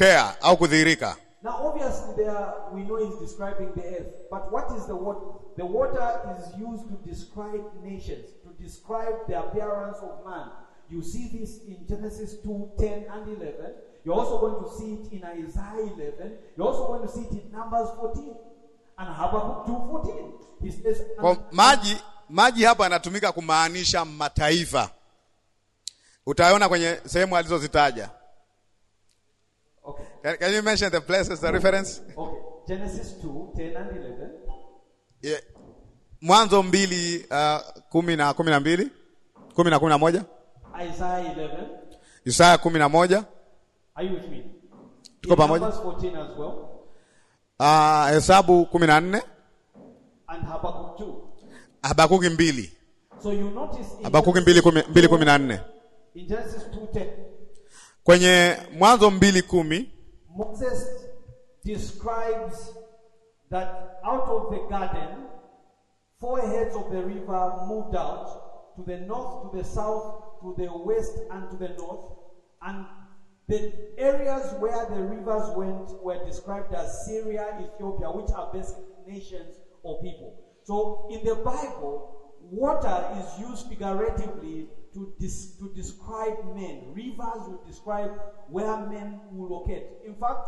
kutokea au kudhihirika. Now obviously there we know he's describing the earth, but what is the water? The water is used to describe nations, to describe the appearance of man. You see this in Genesis 2:10 and 11. You're also going to see it in Isaiah 11. You're also going to see it in Numbers 14 and Habakkuk 2:14. He says kwa maji maji hapa yanatumika kumaanisha mataifa. Utaona kwenye sehemu alizozitaja. Okay. Can, can you mention the places, the reference? Okay. Genesis 2, 10 and 11. Yeah. Mwanzo mbili uh, kumi na kumi na mbili kumi na kumi na moja Isaiah 11. Isaiah kumi na moja Are you with me? Tuko pamoja. As well. Uh, Hesabu kumi na nne and Habakkuk 2. Habakkuk mbili. So you notice Habakuki mbili kumi na nne. In Genesis 2:10 Kwenye Mwanzo mbili kumi Moses describes that out of the garden four heads of the river moved out to the north, to the south, to the west and to the north and the areas where the rivers went were described as Syria, Ethiopia, which are basically nations or people. So in the Bible, water is used figuratively to, dis- to describe men. Rivers would describe where men will locate. In fact,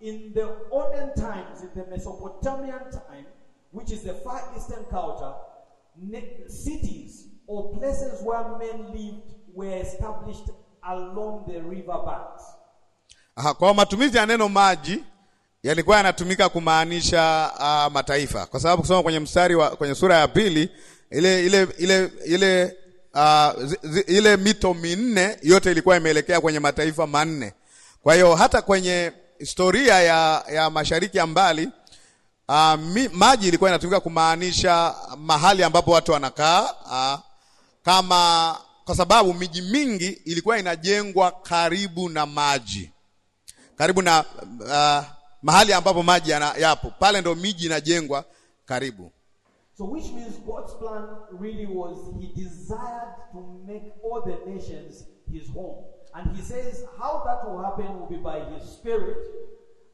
in the olden times, in the Mesopotamian time, which is the Far Eastern culture, ne- cities or places where men lived were established along the river banks. Aha, kwa matumizi ya neno maji yalikuwa yanatumika kumaanisha uh, mataifa, kwa sababu kusoma kwenye mstari wa, kwenye sura ya pili ile ile ile ile uh, zi, zi, ile mito minne yote ilikuwa imeelekea kwenye mataifa manne. Kwa hiyo hata kwenye historia ya, ya mashariki ya mbali uh, mi, maji ilikuwa inatumika kumaanisha mahali ambapo watu wanakaa uh, kama kwa sababu miji mingi ilikuwa inajengwa karibu na maji, karibu na uh, mahali ambapo maji yapo pale ndo miji inajengwa karibu. So, which means God's plan really was He desired to make all the nations His home. And He says how that will happen will be by His Spirit.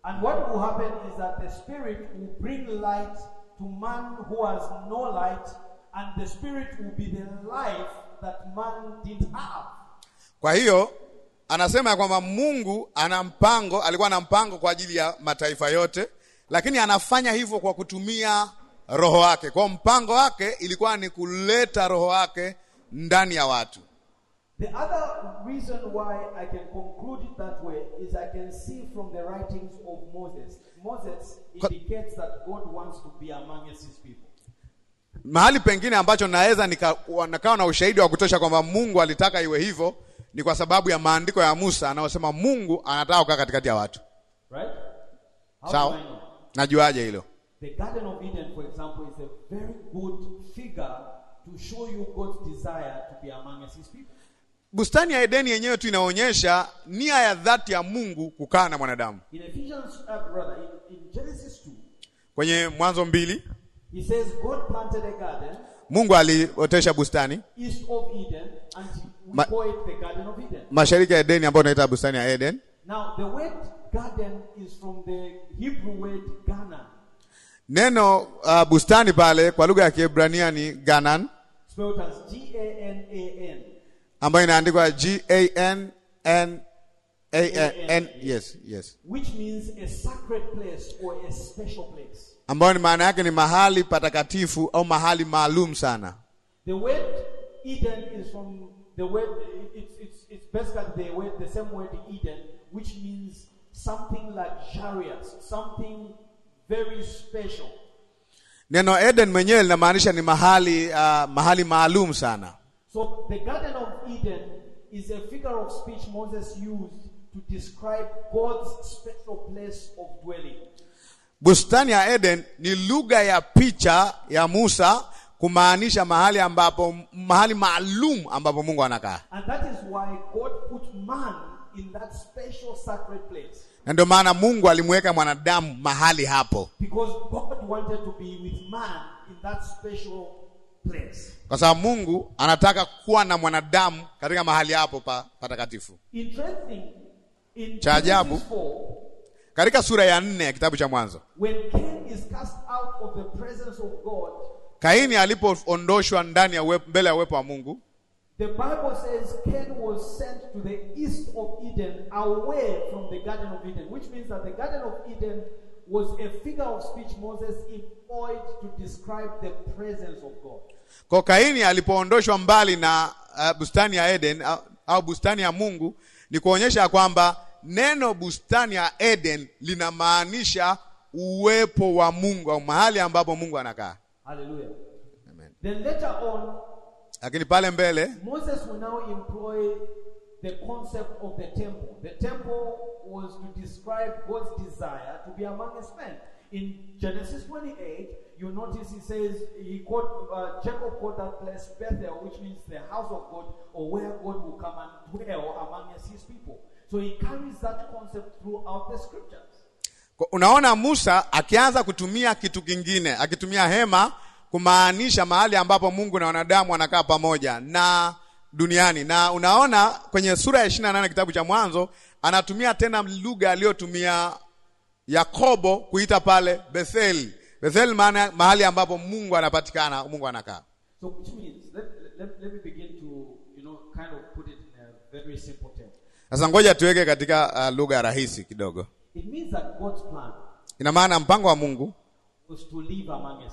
And what will happen is that the Spirit will bring light to man who has no light, and the Spirit will be the life that man didn't have. Kwa hiyo anasema kwamba Mungu ana mpango, alikuwa na mpango kwa ajili ya mataifa yote, lakini anafanya hivyo kwa kutumia roho wake. Kwa mpango wake ilikuwa ni kuleta roho wake ndani ya watu. The other reason why I can conclude it that way is I can see from the writings of Moses. Moses indicates that God wants to be among his people. Mahali pengine ambacho naweza nikawa na ushahidi wa kutosha kwamba Mungu alitaka iwe hivyo ni kwa sababu ya maandiko ya Musa anayosema Mungu anataka kukaa katikati ya watu. Right? Sawa? Najuaje hilo? The Garden of Eden, for example, is a very good figure to show you God's desire to be among us his people. Bustani ya Edeni yenyewe tu inaonyesha nia ya dhati ya Mungu kukaa na mwanadamu. Uh, kwenye Mwanzo mbili he says God planted a garden, Mungu aliotesha bustani east of Eden, and it the Garden of Eden. Mashariki ya Edeni ambayo inaita bustani ya Eden. Now the word garden is from the Hebrew word Ghana. Neno uh, bustani pale kwa lugha ya Kiebrania ni Ganan ambayo inaandikwa G A N N A-N, yes, yes. Which means a sacred place or a special place. Ambayo ni maana yake ni mahali patakatifu au mahali maalum sana. The word Eden is from the word it's it's it's basically the word the same word Eden which means something luxurious, something very special. Neno Eden mwenyewe linamaanisha ni mahali uh, mahali maalum sana. So the Garden of Eden is a figure of speech Moses used to describe God's special place of dwelling. Bustani ya Eden ni lugha ya picha ya Musa kumaanisha mahali ambapo mahali maalum ambapo Mungu anakaa. And that is why God put man in that special sacred place na ndio maana Mungu alimweka mwanadamu mahali hapo, kwa sababu Mungu anataka kuwa na mwanadamu katika mahali hapo pa patakatifu. cha ajabu katika sura ya nne ya kitabu cha Mwanzo, Kaini alipoondoshwa ndani ya uwepo, mbele ya uwepo wa Mungu The Bible says Cain was sent to the east of Eden, away from the Garden of Eden, which means that the Garden of Eden was a figure of speech Moses employed to describe the presence of God. Kwa Kaini alipoondoshwa mbali na uh, bustani ya Eden uh, au bustani ya Mungu ni kuonyesha kwamba neno bustani ya Eden linamaanisha uwepo wa Mungu au mahali ambapo Mungu anakaa. Hallelujah. Amen. Then later on lakini pale mbele Moses will now employ the concept of the temple. The temple was to describe God's desire to be among his men. In Genesis 28, you notice he says he called uh, Jacob called that place Bethel, which means the house of God or where God will come and dwell among his people. So he carries that concept throughout the scriptures. Unaona Musa akianza kutumia kitu kingine, akitumia hema kumaanisha mahali ambapo Mungu na wanadamu wanakaa pamoja na duniani. Na unaona kwenye sura ya ishirini na nane kitabu cha Mwanzo anatumia tena lugha aliyotumia Yakobo kuita pale Betheli. Betheli maana mahali ambapo Mungu anapatikana, Mungu anakaa. So which means let, let, let me begin to you know kind of put it in a very simple term. Sasa ngoja tuweke katika uh, lugha rahisi kidogo. It means that God's plan. Ina maana mpango wa Mungu was to live among us.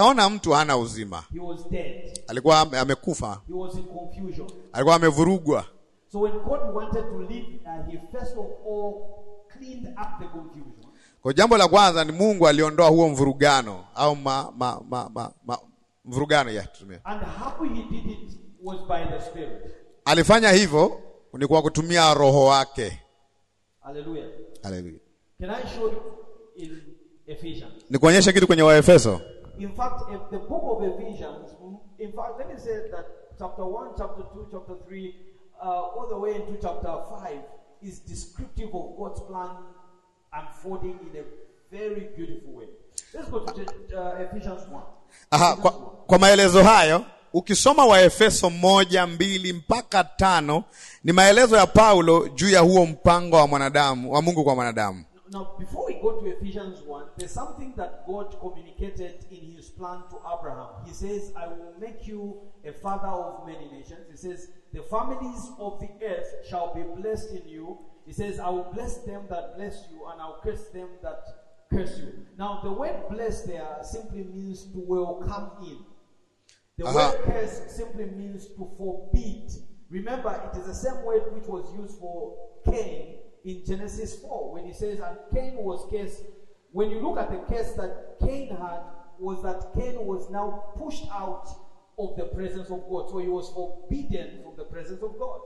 akaona mtu hana uzima. Alikuwa amekufa, alikuwa amevurugwa. Uh, kwa jambo la kwanza ni Mungu aliondoa huo mvurugano au ma, ma, ma, ma, ma, mvurugano ya And how he did it was by the Spirit. Alifanya hivyo ni kwa kutumia roho wake. Hallelujah. Hallelujah. Can I show you in Ephesians? kitu kwenye Waefeso. In fact, if the book of Ephesians, in fact, let me say that chapter 1, chapter 2, chapter 3, uh, all the way into chapter 5 is descriptive of God's plan unfolding in a very beautiful way. Let's go to uh, Ephesians 1. Aha, kwa, Kwa maelezo hayo ukisoma Waefeso moja mbili mpaka tano ni maelezo ya Paulo juu ya huo mpango wa mwanadamu wa Mungu kwa mwanadamu. Now, before we go to Ephesians 1, there's something that God communicated plan to Abraham. He says, I will make you a father of many nations. He says, The families of the earth shall be blessed in you. He says, I will bless them that bless you, and I'll curse them that curse you. Now, the word bless there simply means to welcome in. The uh-huh. word curse simply means to forbid. Remember, it is the same word which was used for Cain in Genesis 4 when he says, And Cain was cursed. When you look at the curse that Cain had, was that Cain was now pushed out of the presence of God. So he was forbidden from the presence of God.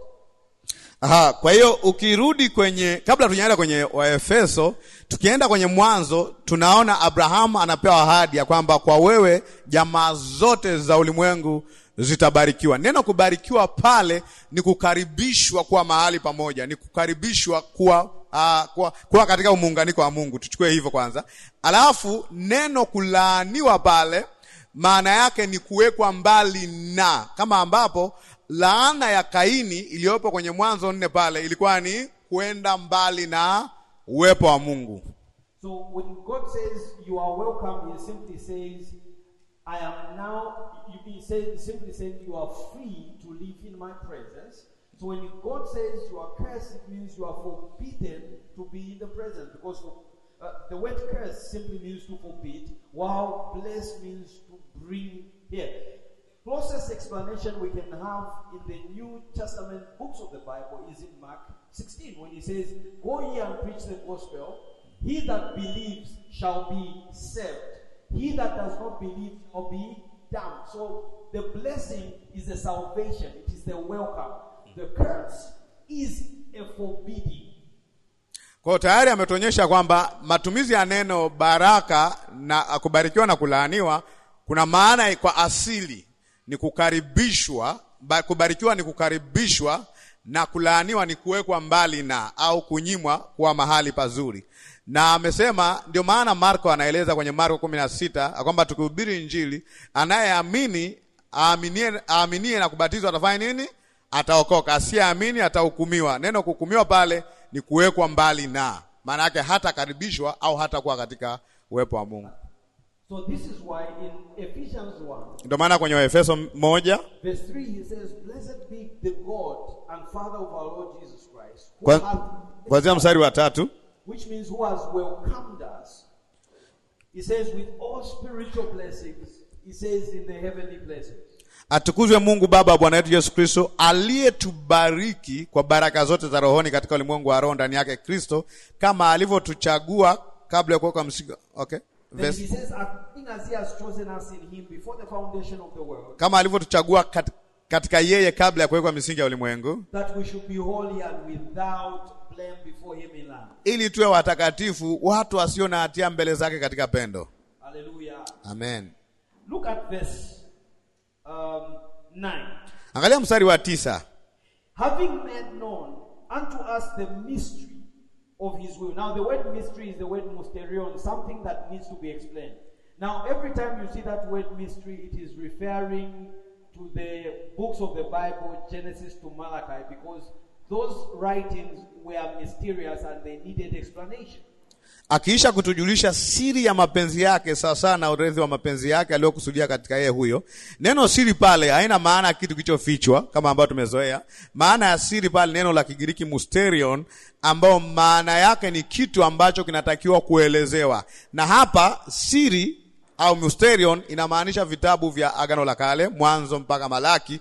Aha, kwa hiyo ukirudi kwenye kabla tujaenda kwenye Waefeso, tukienda kwenye Mwanzo tunaona Abrahamu anapewa ahadi ya kwamba kwa wewe jamaa zote za ulimwengu zitabarikiwa. Neno kubarikiwa pale ni kukaribishwa kuwa mahali pamoja, ni kukaribishwa kuwa, uh, kuwa, kuwa katika muunganiko wa Mungu. Tuchukue hivyo kwanza, alafu neno kulaaniwa pale maana yake ni kuwekwa mbali na, kama ambapo laana ya Kaini iliyopo kwenye Mwanzo nne pale ilikuwa ni kwenda mbali na uwepo wa Mungu. So when God says you are welcome, he simply says I am now, you can say, simply saying you are free to live in my presence. So when God says you are cursed, it means you are forbidden to be in the presence because uh, the word curse simply means to forbid, while blessed means to bring here. Closest explanation we can have in the New Testament books of the Bible is in Mark 16 when he says, Go ye and preach the gospel, he that believes shall be saved. He that does not believe or be damned. So the blessing is the salvation, it is the welcome. The curse is a forbidding. Kwa tayari ametuonyesha kwamba matumizi ya neno baraka na kubarikiwa na kulaaniwa kuna maana kwa asili ni kukaribishwa, kubarikiwa ni kukaribishwa na kulaaniwa ni kuwekwa mbali na au kunyimwa kuwa mahali pazuri na amesema ndio maana Marko anaeleza kwenye Marko kumi na sita kwamba tukihubiri Injili, anayeamini aaminie, aaminie na kubatizwa atafanya nini? Ataokoka, asiyeamini atahukumiwa. Neno kuhukumiwa pale ni kuwekwa mbali na, maana yake hatakaribishwa au hatakuwa katika uwepo wa Mungu. So this is why in Ephesians 1, ndio maana kwenye Waefeso moja kuanzia mstari wa tatu which means who has welcomed us. He says with all spiritual blessings, he says in the heavenly places. Atukuzwe Mungu Baba Bwana wetu Yesu Kristo aliyetubariki kwa baraka zote za rohoni katika ulimwengu wa roho ndani yake Kristo kama alivyotuchagua kabla ya kuwekwa msingi. Okay. Verse. Kama alivyotuchagua katika yeye kabla ya kuwekwa misingi ya ulimwengu. That we should be holy and without ili tuwe watakatifu, watu wasio na hatia mbele zake katika pendo. Amen. Look at verse, um, nine. Angalia mstari wa tisa. Having made known unto us the mystery of his will. Now the word mystery is the word mysterion, something that needs to be explained. Now every time you see that word mystery, it is referring to the books of the Bible, Genesis to Malachi, because Those writings were mysterious and they needed explanation. Akiisha kutujulisha siri ya mapenzi yake sawasawa na urethi wa mapenzi yake aliyokusudia katika yeye huyo. Neno siri pale haina maana ya kitu kilichofichwa kama ambayo tumezoea. Maana ya siri pale neno la Kigiriki mysterion, ambayo maana yake ni kitu ambacho kinatakiwa kuelezewa, na hapa siri au mysterion inamaanisha vitabu vya Agano la Kale, Mwanzo mpaka Malaki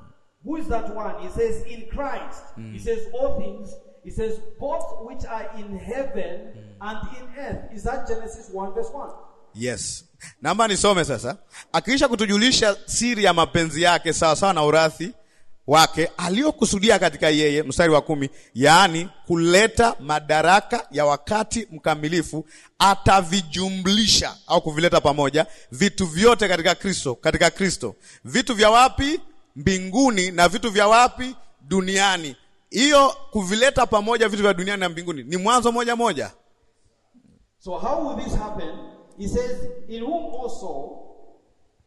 Who is that one? He says, in Christ. Mm. He hmm. says, all things. He says, both which are in heaven mm. and in earth. Is that Genesis 1 verse 1? Yes. Naomba nisome sasa. Akiisha kutujulisha siri ya mapenzi yake sawasawa na urathi wake aliyokusudia katika yeye, mstari wa kumi, yaani kuleta madaraka ya wakati mkamilifu, atavijumlisha au kuvileta pamoja vitu vyote katika Kristo, katika Kristo. Vitu vya wapi? mbinguni na vitu vya wapi duniani. Hiyo kuvileta pamoja vitu vya duniani na mbinguni ni Mwanzo moja moja. So how will this happen? He says in whom also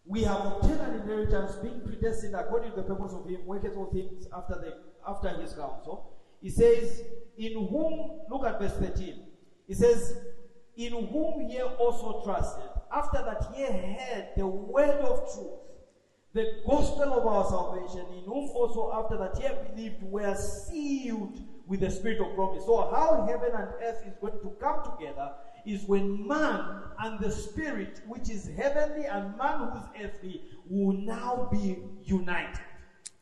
we have obtained an inheritance being predestined according to the purpose of him worketh all things after the after his counsel. He says in whom look at verse 13. He says in whom ye also trusted after that ye heard the word of truth The gospel of our salvation, in whom also after that ye believed, were sealed with the spirit of promise. So, how heaven and earth is going to come together is when man and the spirit, which is heavenly, and man who's earthly, will now be united.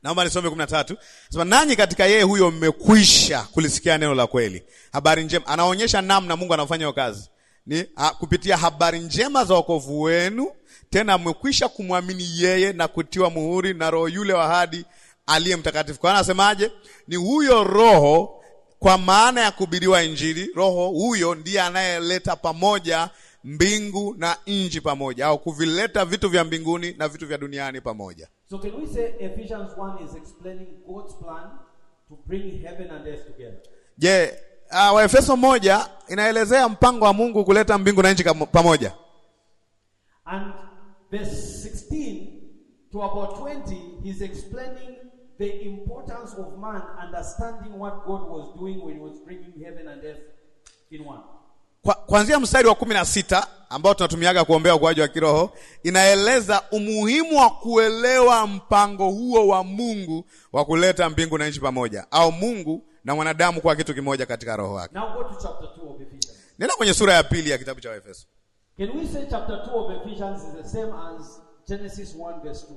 Naomba nisome kumi na tatu. Sema nanyi katika yeye huyo mmekwisha kulisikia neno la kweli, habari njema. Anaonyesha namna Mungu anafanya hiyo kazi ni a, kupitia habari njema za wokovu wenu tena mmekwisha kumwamini yeye na kutiwa muhuri na Roho yule wa ahadi aliye mtakatifu. Kwa anasemaje? Ni huyo Roho kwa maana ya kubiriwa Injili. Roho huyo ndiye anayeleta pamoja mbingu na nchi pamoja, au kuvileta vitu vya mbinguni na vitu vya duniani pamoja. So can we say Ephesians 1 is explaining God's plan to bring heaven and earth together? Je, yeah. Uh, Waefeso moja inaelezea mpango wa Mungu kuleta mbingu na nchi pamoja. And verse 16 to about 20, he's explaining the importance of man understanding what God was doing when he was bringing heaven and earth in one. Kwa, kuanzia mstari wa kumi na sita ambao tunatumiaga kuombea ukuaji wa kiroho inaeleza umuhimu wa kuelewa mpango huo wa Mungu wa kuleta mbingu na nchi pamoja, au Mungu na mwanadamu kwa kitu kimoja katika roho yake. Nenda kwenye sura ya pili ya kitabu cha Waefeso. Can we say chapter 2 of Ephesians is the same as Genesis 1 verse 2?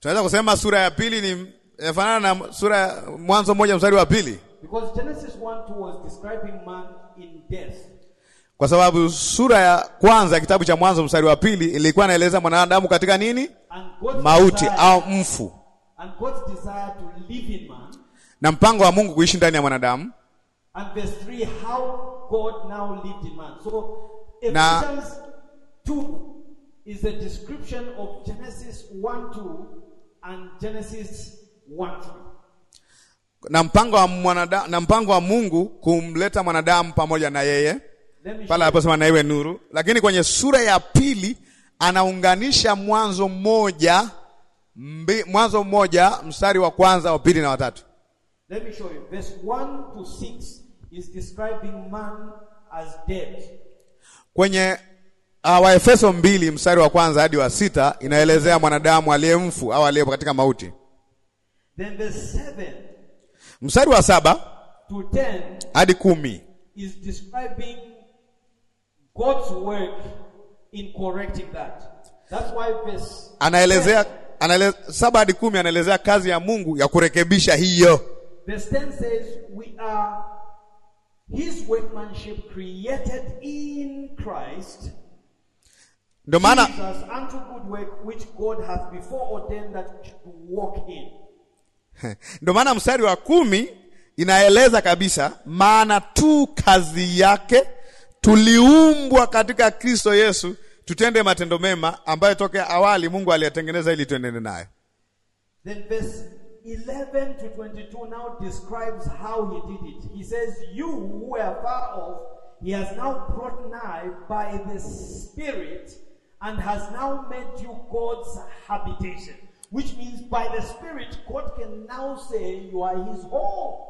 Tunaweza kusema sura ya pili ni inafanana na sura ya Mwanzo moja mstari wa pili. Because Genesis 1:2 was describing man in death. Kwa sababu sura ya kwanza ya kitabu cha Mwanzo mstari wa pili ilikuwa inaeleza mwanadamu katika nini? Mauti au mfu. And God's desire to live in man. Na mpango wa Mungu kuishi ndani ya mwanadamu. And verse 3 how God now lived in man. So na is a description of Genesis 1:2 and Genesis 1:3. Na mpango wa mwanadamu na mpango wa Mungu kumleta mwanadamu pamoja na yeye Pala hapo sema na iwe nuru, lakini kwenye sura ya pili anaunganisha Mwanzo moja mbi, Mwanzo moja mstari wa kwanza wa pili na watatu. Let me show you. Verse 1 to 6 is describing man as dead. Kwenye uh, ah, Waefeso mbili mstari wa kwanza hadi wa sita inaelezea mwanadamu aliyemfu au aliyepo katika mauti. Then the seven, mstari wa saba hadi kumi is describing God's work in correcting that. That's why verse anaelezea anaelezea saba hadi kumi anaelezea kazi ya Mungu ya kurekebisha hiyo. Verse 10 says we are His workmanship created in Christ ndio maana ndio maana mstari wa kumi inaeleza kabisa, maana tu kazi yake tuliumbwa katika Kristo Yesu tutende matendo mema ambayo toke awali Mungu aliyatengeneza ili tuendene nayo. Then verse 11 to 22 now describes how he did it. He says, You who were far off, he has now brought nigh by the Spirit and has now made you God's habitation. Which means by the Spirit, God can now say you are his home.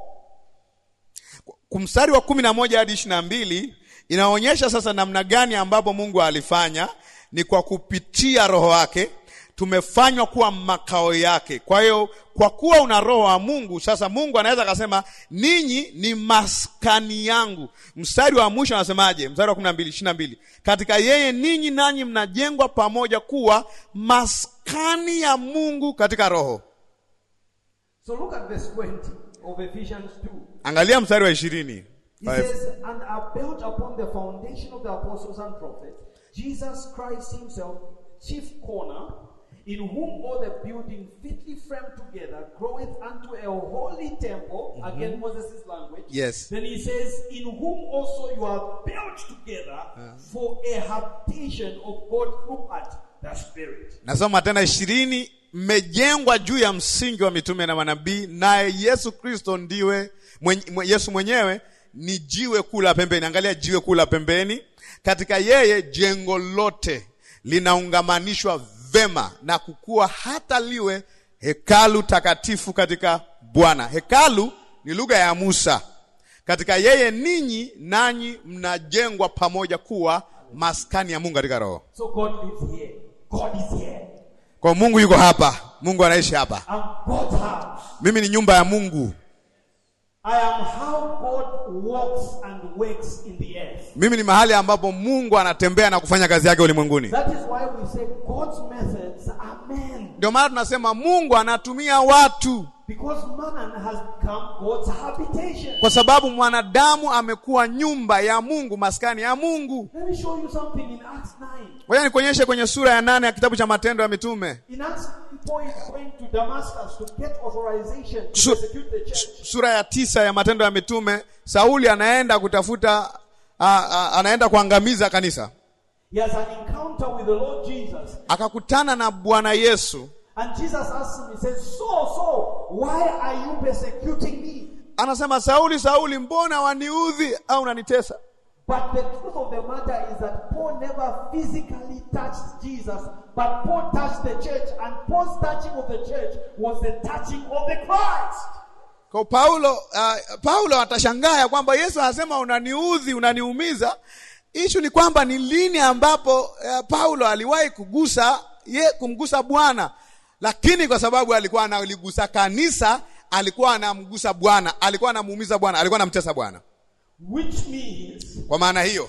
Kumstari wa kumi moja hadi ishirini na mbili inaonyesha sasa namna gani ambapo Mungu alifanya ni kwa kupitia Roho wake tumefanywa kuwa makao yake. Kwa hiyo kwa kuwa una roho wa Mungu, sasa Mungu anaweza akasema ninyi ni maskani yangu. Mstari wa mwisho anasemaje? Mstari wa kumi na mbili ishirini na mbili katika yeye ninyi nanyi mnajengwa pamoja kuwa maskani ya Mungu katika roho. So look at verse 20 of Ephesians 2. Angalia mstari wa ishirini Jesus Christ himself chief corner in whom all the building fitly framed together groweth unto a holy temple. Mm-hmm. Again, Moses' language. Yes. Then he says, In whom also you are built together uh-huh. for a habitation of God throughout the Spirit. Nasoma tena shirini. mmejengwa juu ya msingi wa mitume na manabii, naye Yesu Kristo ndiwe mwenye, Yesu mwenyewe ni jiwe kula pembeni. Angalia jiwe kula pembeni, katika yeye jengo lote linaungamanishwa vema na kukua hata liwe hekalu takatifu katika Bwana. Hekalu ni lugha ya Musa. Katika yeye ninyi nanyi mnajengwa pamoja kuwa maskani ya Mungu katika roho. So God is here. God is here. Kwa Mungu yuko hapa. Mungu anaishi hapa. Mimi ni nyumba ya Mungu. I am how God walks and works in the earth. Mimi ni mahali ambapo Mungu anatembea na kufanya kazi yake ulimwenguni. That is why we say God's methods are men. Ndio maana tunasema Mungu anatumia watu. Because man has become God's habitation. Kwa sababu mwanadamu amekuwa nyumba ya Mungu, maskani ya Mungu. Let me show you something in Acts 9. Ngoja nikuonyeshe kwenye sura ya nane ya kitabu cha Matendo ya Mitume. In Acts sura ya tisa ya Matendo ya Mitume, Sauli anaenda kutafuta a, a, anaenda kuangamiza kanisa. Akakutana na Bwana Yesu. Anasema, Sauli, Sauli, mbona waniudhi au unanitesa? But the truth of the matter is that Paul never physically touched Jesus But Paul touched the church, and Paul's touching of the church was the touching of the Christ. Kwa Paulo, uh, Paulo atashangaa ya kwamba Yesu anasema unaniudhi, unaniumiza. Ishu ni kwamba ni lini ambapo uh, Paulo aliwahi kugusa ye, kumgusa Bwana, lakini kwa sababu alikuwa analigusa kanisa, alikuwa anamgusa Bwana, alikuwa anamuumiza Bwana, alikuwa anamtesa Bwana. Which means, kwa maana hiyo,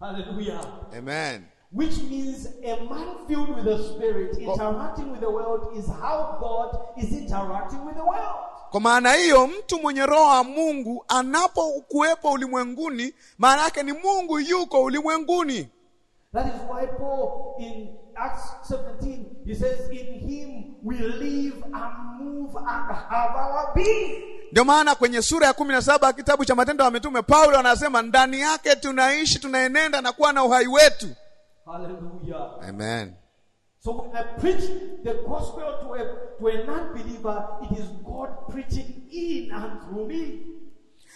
Hallelujah. amen Which means a man filled with the Spirit interacting with the world is how God is interacting with the world. Kwa maana hiyo mtu mwenye roho wa Mungu anapokuwepo ulimwenguni, maana yake ni Mungu yuko ulimwenguni. That is why Paul in Acts 17 he says in him we live and move and have our being. Ndio maana kwenye sura ya kumi na saba kitabu cha Matendo ya Mitume Paulo anasema ndani yake tunaishi, tunaenenda na kuwa na uhai wetu. Hallelujah. Amen. So when I preach the gospel to a, to a non-believer, it is God preaching in and through me.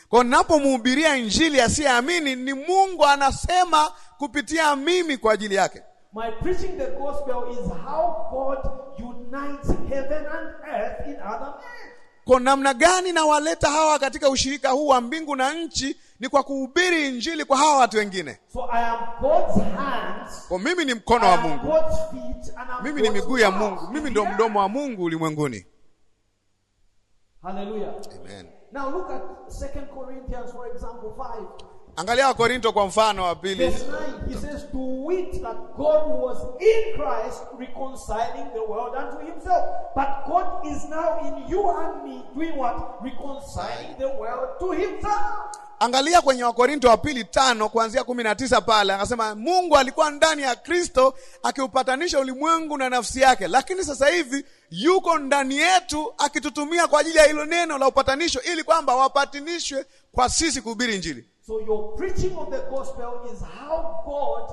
Kwa ninapomhubiria injili asiyeamini ni Mungu anasema kupitia mimi kwa ajili yake. My preaching the gospel is how God unites heaven and earth in other men. Kwa namna gani nawaleta hawa katika ushirika huu wa mbingu na nchi? Ni kwa kuhubiri injili kwa hawa watu wengine. So I am God's hands, kwa mimi ni mkono wa Mungu mimi ni miguu ya Mungu, mimi ndio mdomo wa Mungu ulimwenguni. Haleluya, amen. Now look at 2 Corinthians for example 5. Angalia Korinto kwa mfano wa pili. Angalia kwenye Wakorinto wa pili tano kuanzia kumi na tisa pale anasema, Mungu alikuwa ndani ya Kristo akiupatanisha ulimwengu na nafsi yake, lakini sasa hivi yuko ndani yetu akitutumia kwa ajili ya hilo neno la upatanisho, ili kwamba wapatanishwe kwa sisi kuhubiri Injili. So your preaching of the gospel is how God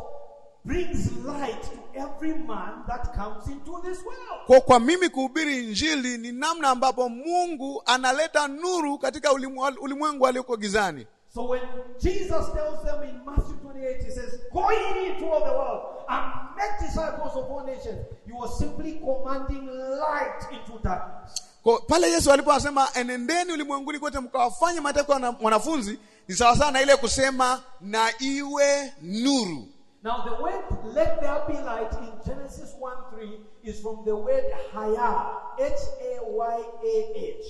brings light to every man that comes into this world. Kwa, kwa mimi kuhubiri injili ni namna ambapo Mungu analeta nuru katika ulimwengu alioko gizani. So when Jesus tells them in Matthew 28, he says, Go ye into all the world and make disciples of all nations, you are simply commanding light into darkness. Kwa pale Yesu alipowasema enendeni ulimwenguni kote mkawafanye mataifa na wanafunzi, ni sawa sana na ile kusema na iwe nuru. Now the word let there be light in Genesis 1:3 is from the word haya, H A Y A H.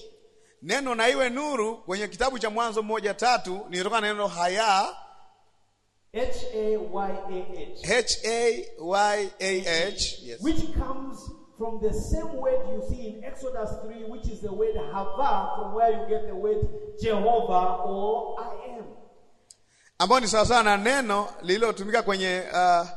Neno na iwe nuru kwenye kitabu cha Mwanzo moja tatu ni kutoka na neno haya H A Y A H. H A Y A H. Yes. Which comes from the same word you see in Exodus 3, which is the word Hava, from where you get the word Jehovah or I am. Ambayo ni sawasawa na neno lililotumika kwenye, uh,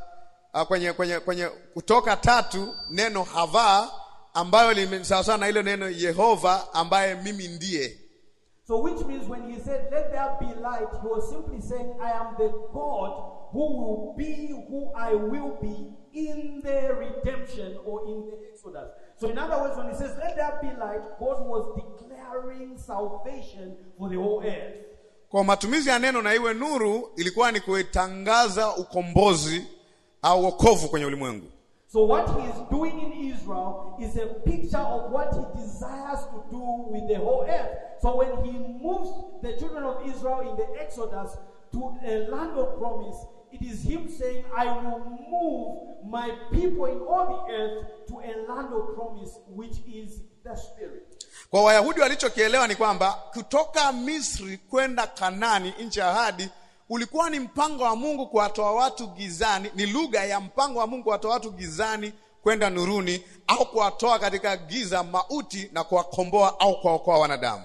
uh, kwenye kwenye kwenye Kutoka tatu, neno Hava ambayo ni sawasawa na hilo neno Yehova ambaye mimi ndiye. So which means when he said let there be light, he was simply saying I am the God who will be who I will be in their redemption or in the Exodus. So, in other words, when he says, let there be light, God was declaring salvation for the whole earth. Kwa matumizi ya neno na iwe nuru ilikuwa ni kuitangaza ukombozi au wokovu kwenye ulimwengu. So what he is doing in Israel is a picture of what he desires to do with the whole earth. So when he moves the children of Israel in the Exodus to a land of promise, it is him saying, I will move my people in all the earth to a land of promise, which is the Spirit. Kwa Wayahudi walichokielewa ni kwamba kutoka Misri kwenda Kanani, nchi ya ahadi, ulikuwa ni mpango wa Mungu kuwatoa watu gizani, ni lugha ya mpango wa Mungu kuwatoa watu gizani kwenda nuruni, au kuwatoa katika giza mauti na kuwakomboa au kuwaokoa wanadamu.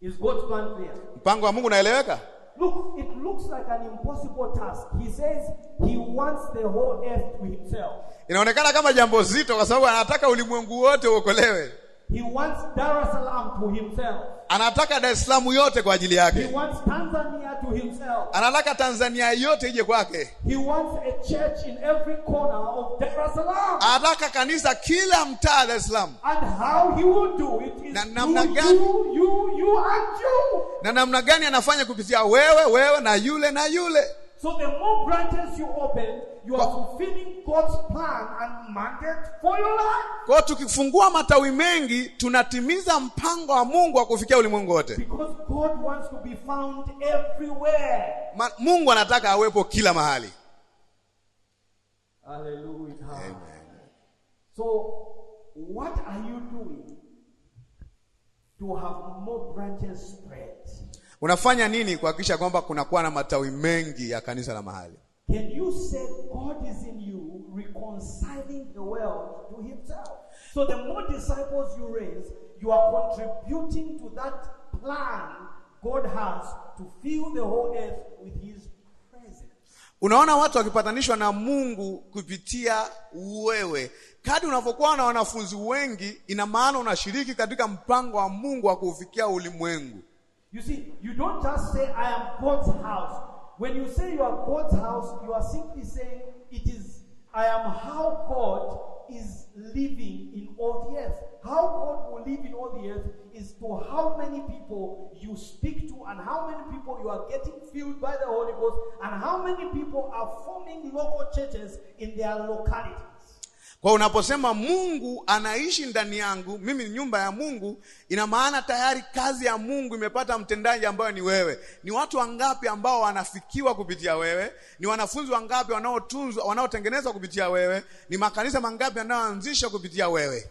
Is God's plan clear? Mpango wa Mungu unaeleweka? Look, it looks like an impossible task. He says he wants the whole earth to himself. Inaonekana kama jambo zito kwa sababu anataka ulimwengu wote uokolewe. He wants Dar es Salaam to himself. Anataka Dar es Salaam yote kwa ajili yake. He wants Tanzania to himself. Anataka Tanzania yote ije kwake. He wants a church in every corner of Dar es Salaam. Anataka kanisa kila mtaa Dar es Salaam. And how he will do it is na namna gani you, you, you and you. Na namna gani anafanya kupitia wewe, wewe na yule na yule. So the more branches you open kwao tukifungua matawi mengi tunatimiza mpango wa Mungu wa kufikia ulimwengu wote. Mungu anataka awepo kila mahali. Amen. So what are you doing to have more Unafanya nini kuhakikisha kwamba kunakuwa na matawi mengi ya kanisa la mahali? Can you say God is in you, reconciling the world to Himself? So the more disciples you raise, you are contributing to that plan God has to fill the whole earth with His presence. Unaona watu wakipatanishwa na Mungu kupitia wewe. Kadi unavyokuwa na wanafunzi wengi, ina maana unashiriki katika mpango wa Mungu wa kuufikia ulimwengu. You see, you don't just say I am God's house. When you say you are God's house, you are simply saying, It is, I am how God is living in all the earth. How God will live in all the earth is to how many people you speak to and how many people you are getting filled by the Holy Ghost and how many people are forming local churches in their locality. Kwa unaposema Mungu anaishi ndani yangu, mimi ni nyumba ya Mungu, ina maana tayari kazi ya Mungu imepata mtendaji ambayo ni wewe. Ni watu wangapi ambao wanafikiwa kupitia wewe? Ni wanafunzi wangapi wanaotunzwa, wanaotengenezwa kupitia wewe? Ni makanisa mangapi yanayoanzisha kupitia wewe?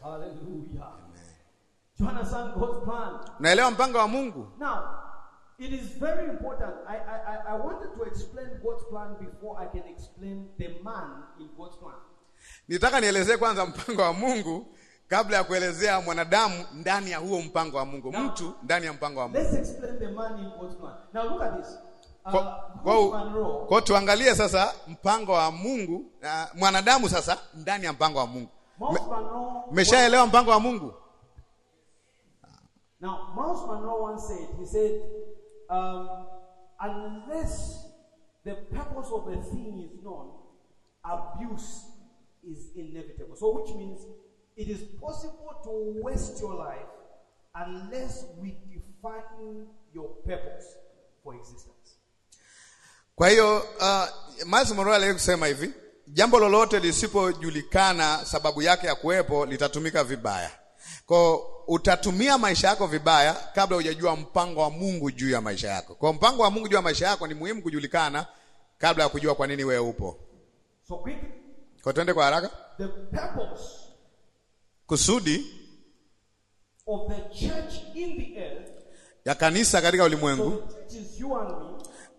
Naelewa mpango wa Mungu. Now, It is very important. I, I, I wanted to explain God's plan before I can explain the man in God's plan. Nitaka nielezee kwanza mpango wa Mungu kabla ya kuelezea mwanadamu ndani ya huo mpango wa Mungu. Now, mtu ndani ya mpango wa Mungu. Uh, kwa kwa tuangalie sasa mpango wa Mungu uh, mwanadamu sasa ndani ya mpango wa Mungu. Mmeshaelewa mpango wa Mungu? Now, Miles Monroe once said, he said, um, unless the purpose of a thing is known, abuse is inevitable. So, which means it is possible to waste your life unless we define your purpose for existence. Kwa hiyo uh, Miles Monroe kusema hivi, jambo lolote lisipojulikana sababu yake ya kuwepo litatumika vibaya. Kwa utatumia maisha yako vibaya kabla hujajua mpango wa Mungu juu ya maisha yako. Kwa mpango wa Mungu juu ya maisha yako ni muhimu kujulikana kabla ya kujua kwa nini wewe upo. So quick kwa twende kwa haraka. The purpose kusudi of the church in the earth, ya kanisa katika ulimwengu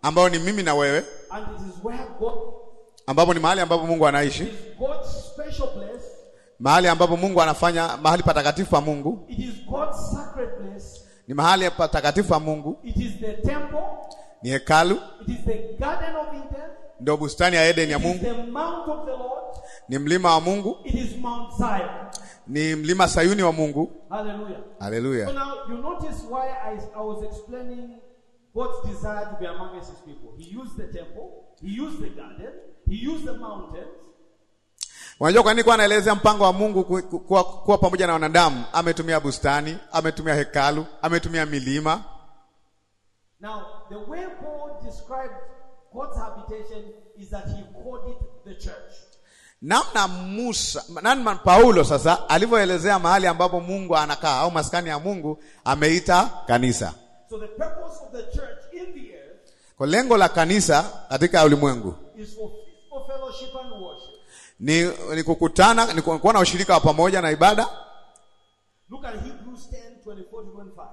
ambayo ni mimi na wewe, ambapo ni mahali ambapo Mungu anaishi, mahali ambapo Mungu anafanya, mahali patakatifu pa Mungu. Ni mahali patakatifu pa Mungu. Ni hekalu. Ndio bustani ya Eden ya Mungu. the mount of the Lord ni mlima wa Mungu, it is Mount Zion. Ni mlima Sayuni wa Mungu. Hallelujah. Hallelujah. So now you notice why I, I was explaining God's desire to be among his people. He used the temple, he used the garden, he used the mountains. Unajua kwa nini kwa anaelezea mpango wa Mungu kuwa, ku, pamoja na wanadamu? Ametumia bustani, ametumia hekalu, ametumia milima. Now, the way Paul described God's habitation is that he called it the church namna Musa namna Paulo sasa alivyoelezea mahali ambapo Mungu anakaa au maskani ya Mungu ameita kanisa. So the purpose of the church in the earth, kwa lengo la kanisa katika ulimwengu ni, ni kukutana ni kuwa na ushirika wa pamoja na ibada. Look at Hebrews 10:24-25.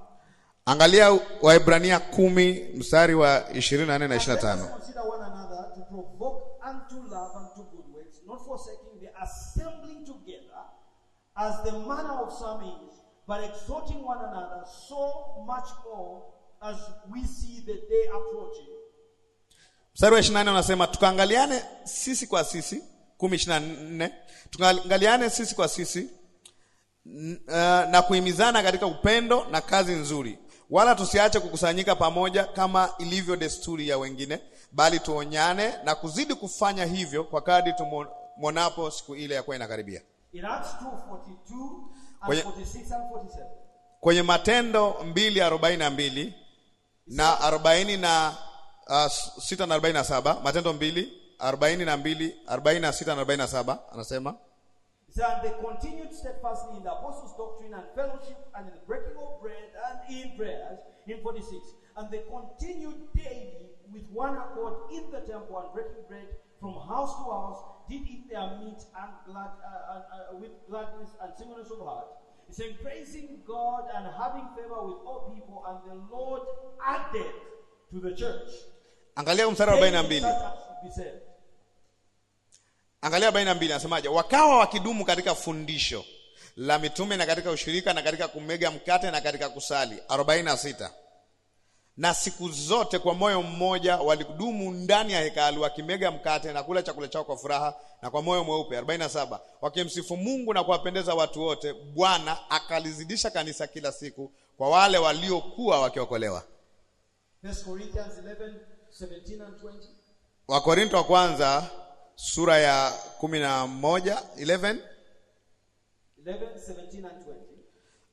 Angalia Waebrania kumi mstari wa 24 na 25. as the manner of some is, but exhorting one another so much more as we see the day approaching. Mstari wa 28 unasema tukaangaliane sisi kwa sisi, 10:24, tukaangaliane sisi kwa sisi eh, na kuhimizana katika upendo na kazi nzuri, wala tusiache kukusanyika pamoja kama ilivyo desturi ya wengine, bali tuonyane na kuzidi kufanya hivyo kwa kadri tumwonapo siku ile yakuwa inakaribia. In Acts 2:42 and kwenye, 46 and 47. Kwenye Matendo 2:42 na 40 na uh, 6 na 47, Matendo 2 42 46 na 47 anasema And they continued steadfastly in the apostles' doctrine and fellowship and in the breaking of bread and in prayers in 46. And they continued daily with one accord in the temple and breaking bread from house to house, did eat their meat and glad, uh, uh, uh, with gladness and singleness of heart. He said, praising God and having favor with all people, and the Lord added to the church. Angalia mstari wa mbili Angalia 42 anasemaje? Wakawa wakidumu katika fundisho la mitume na katika ushirika na katika kumega mkate na katika kusali. sita na siku zote kwa moyo mmoja walidumu ndani ya hekalu wakimega mkate na kula chakula chao kwa furaha na kwa moyo mweupe. 47 wakimsifu Mungu na kuwapendeza watu wote. Bwana akalizidisha kanisa kila siku kwa wale waliokuwa wakiokolewa. Wakorinto wa kwanza sura ya 11 17 na 20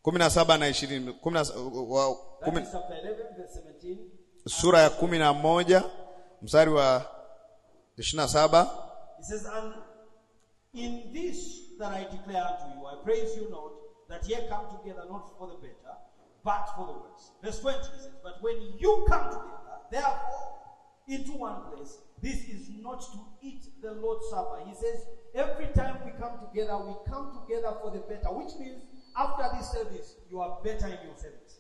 17 na 20 sura ya kumi na moja mstari wa ishirina saba In this that I declare unto you, I praise you not, that ye come together not for the better, but for the worse. Verse 20 says, But when you come together, therefore, into one place, this is not to eat the Lord's Supper. He says, Every time we come together, we come together for the better, which means after this service, you are better in your service.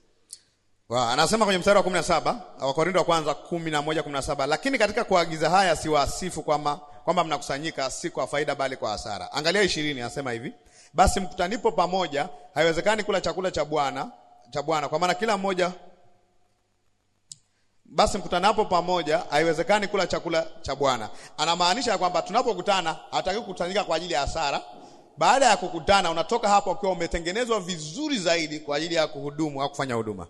Wow, anasema kwenye mstari wa 17, Wakorintho wa kwanza 11:17, lakini katika kuagiza haya siwaasifu kwamba kwamba mnakusanyika si kwa faida bali kwa hasara. Angalia ishirini, anasema hivi, basi mkutanipo pamoja haiwezekani kula chakula cha Bwana cha Bwana kwa maana kila mmoja basi mkutanapo pamoja haiwezekani kula chakula cha Bwana. Anamaanisha kwamba tunapokutana hataki kukusanyika kwa ajili ya hasara. Baada ya kukutana, unatoka hapo ukiwa umetengenezwa vizuri zaidi kwa ajili ya kuhudumu au kufanya huduma.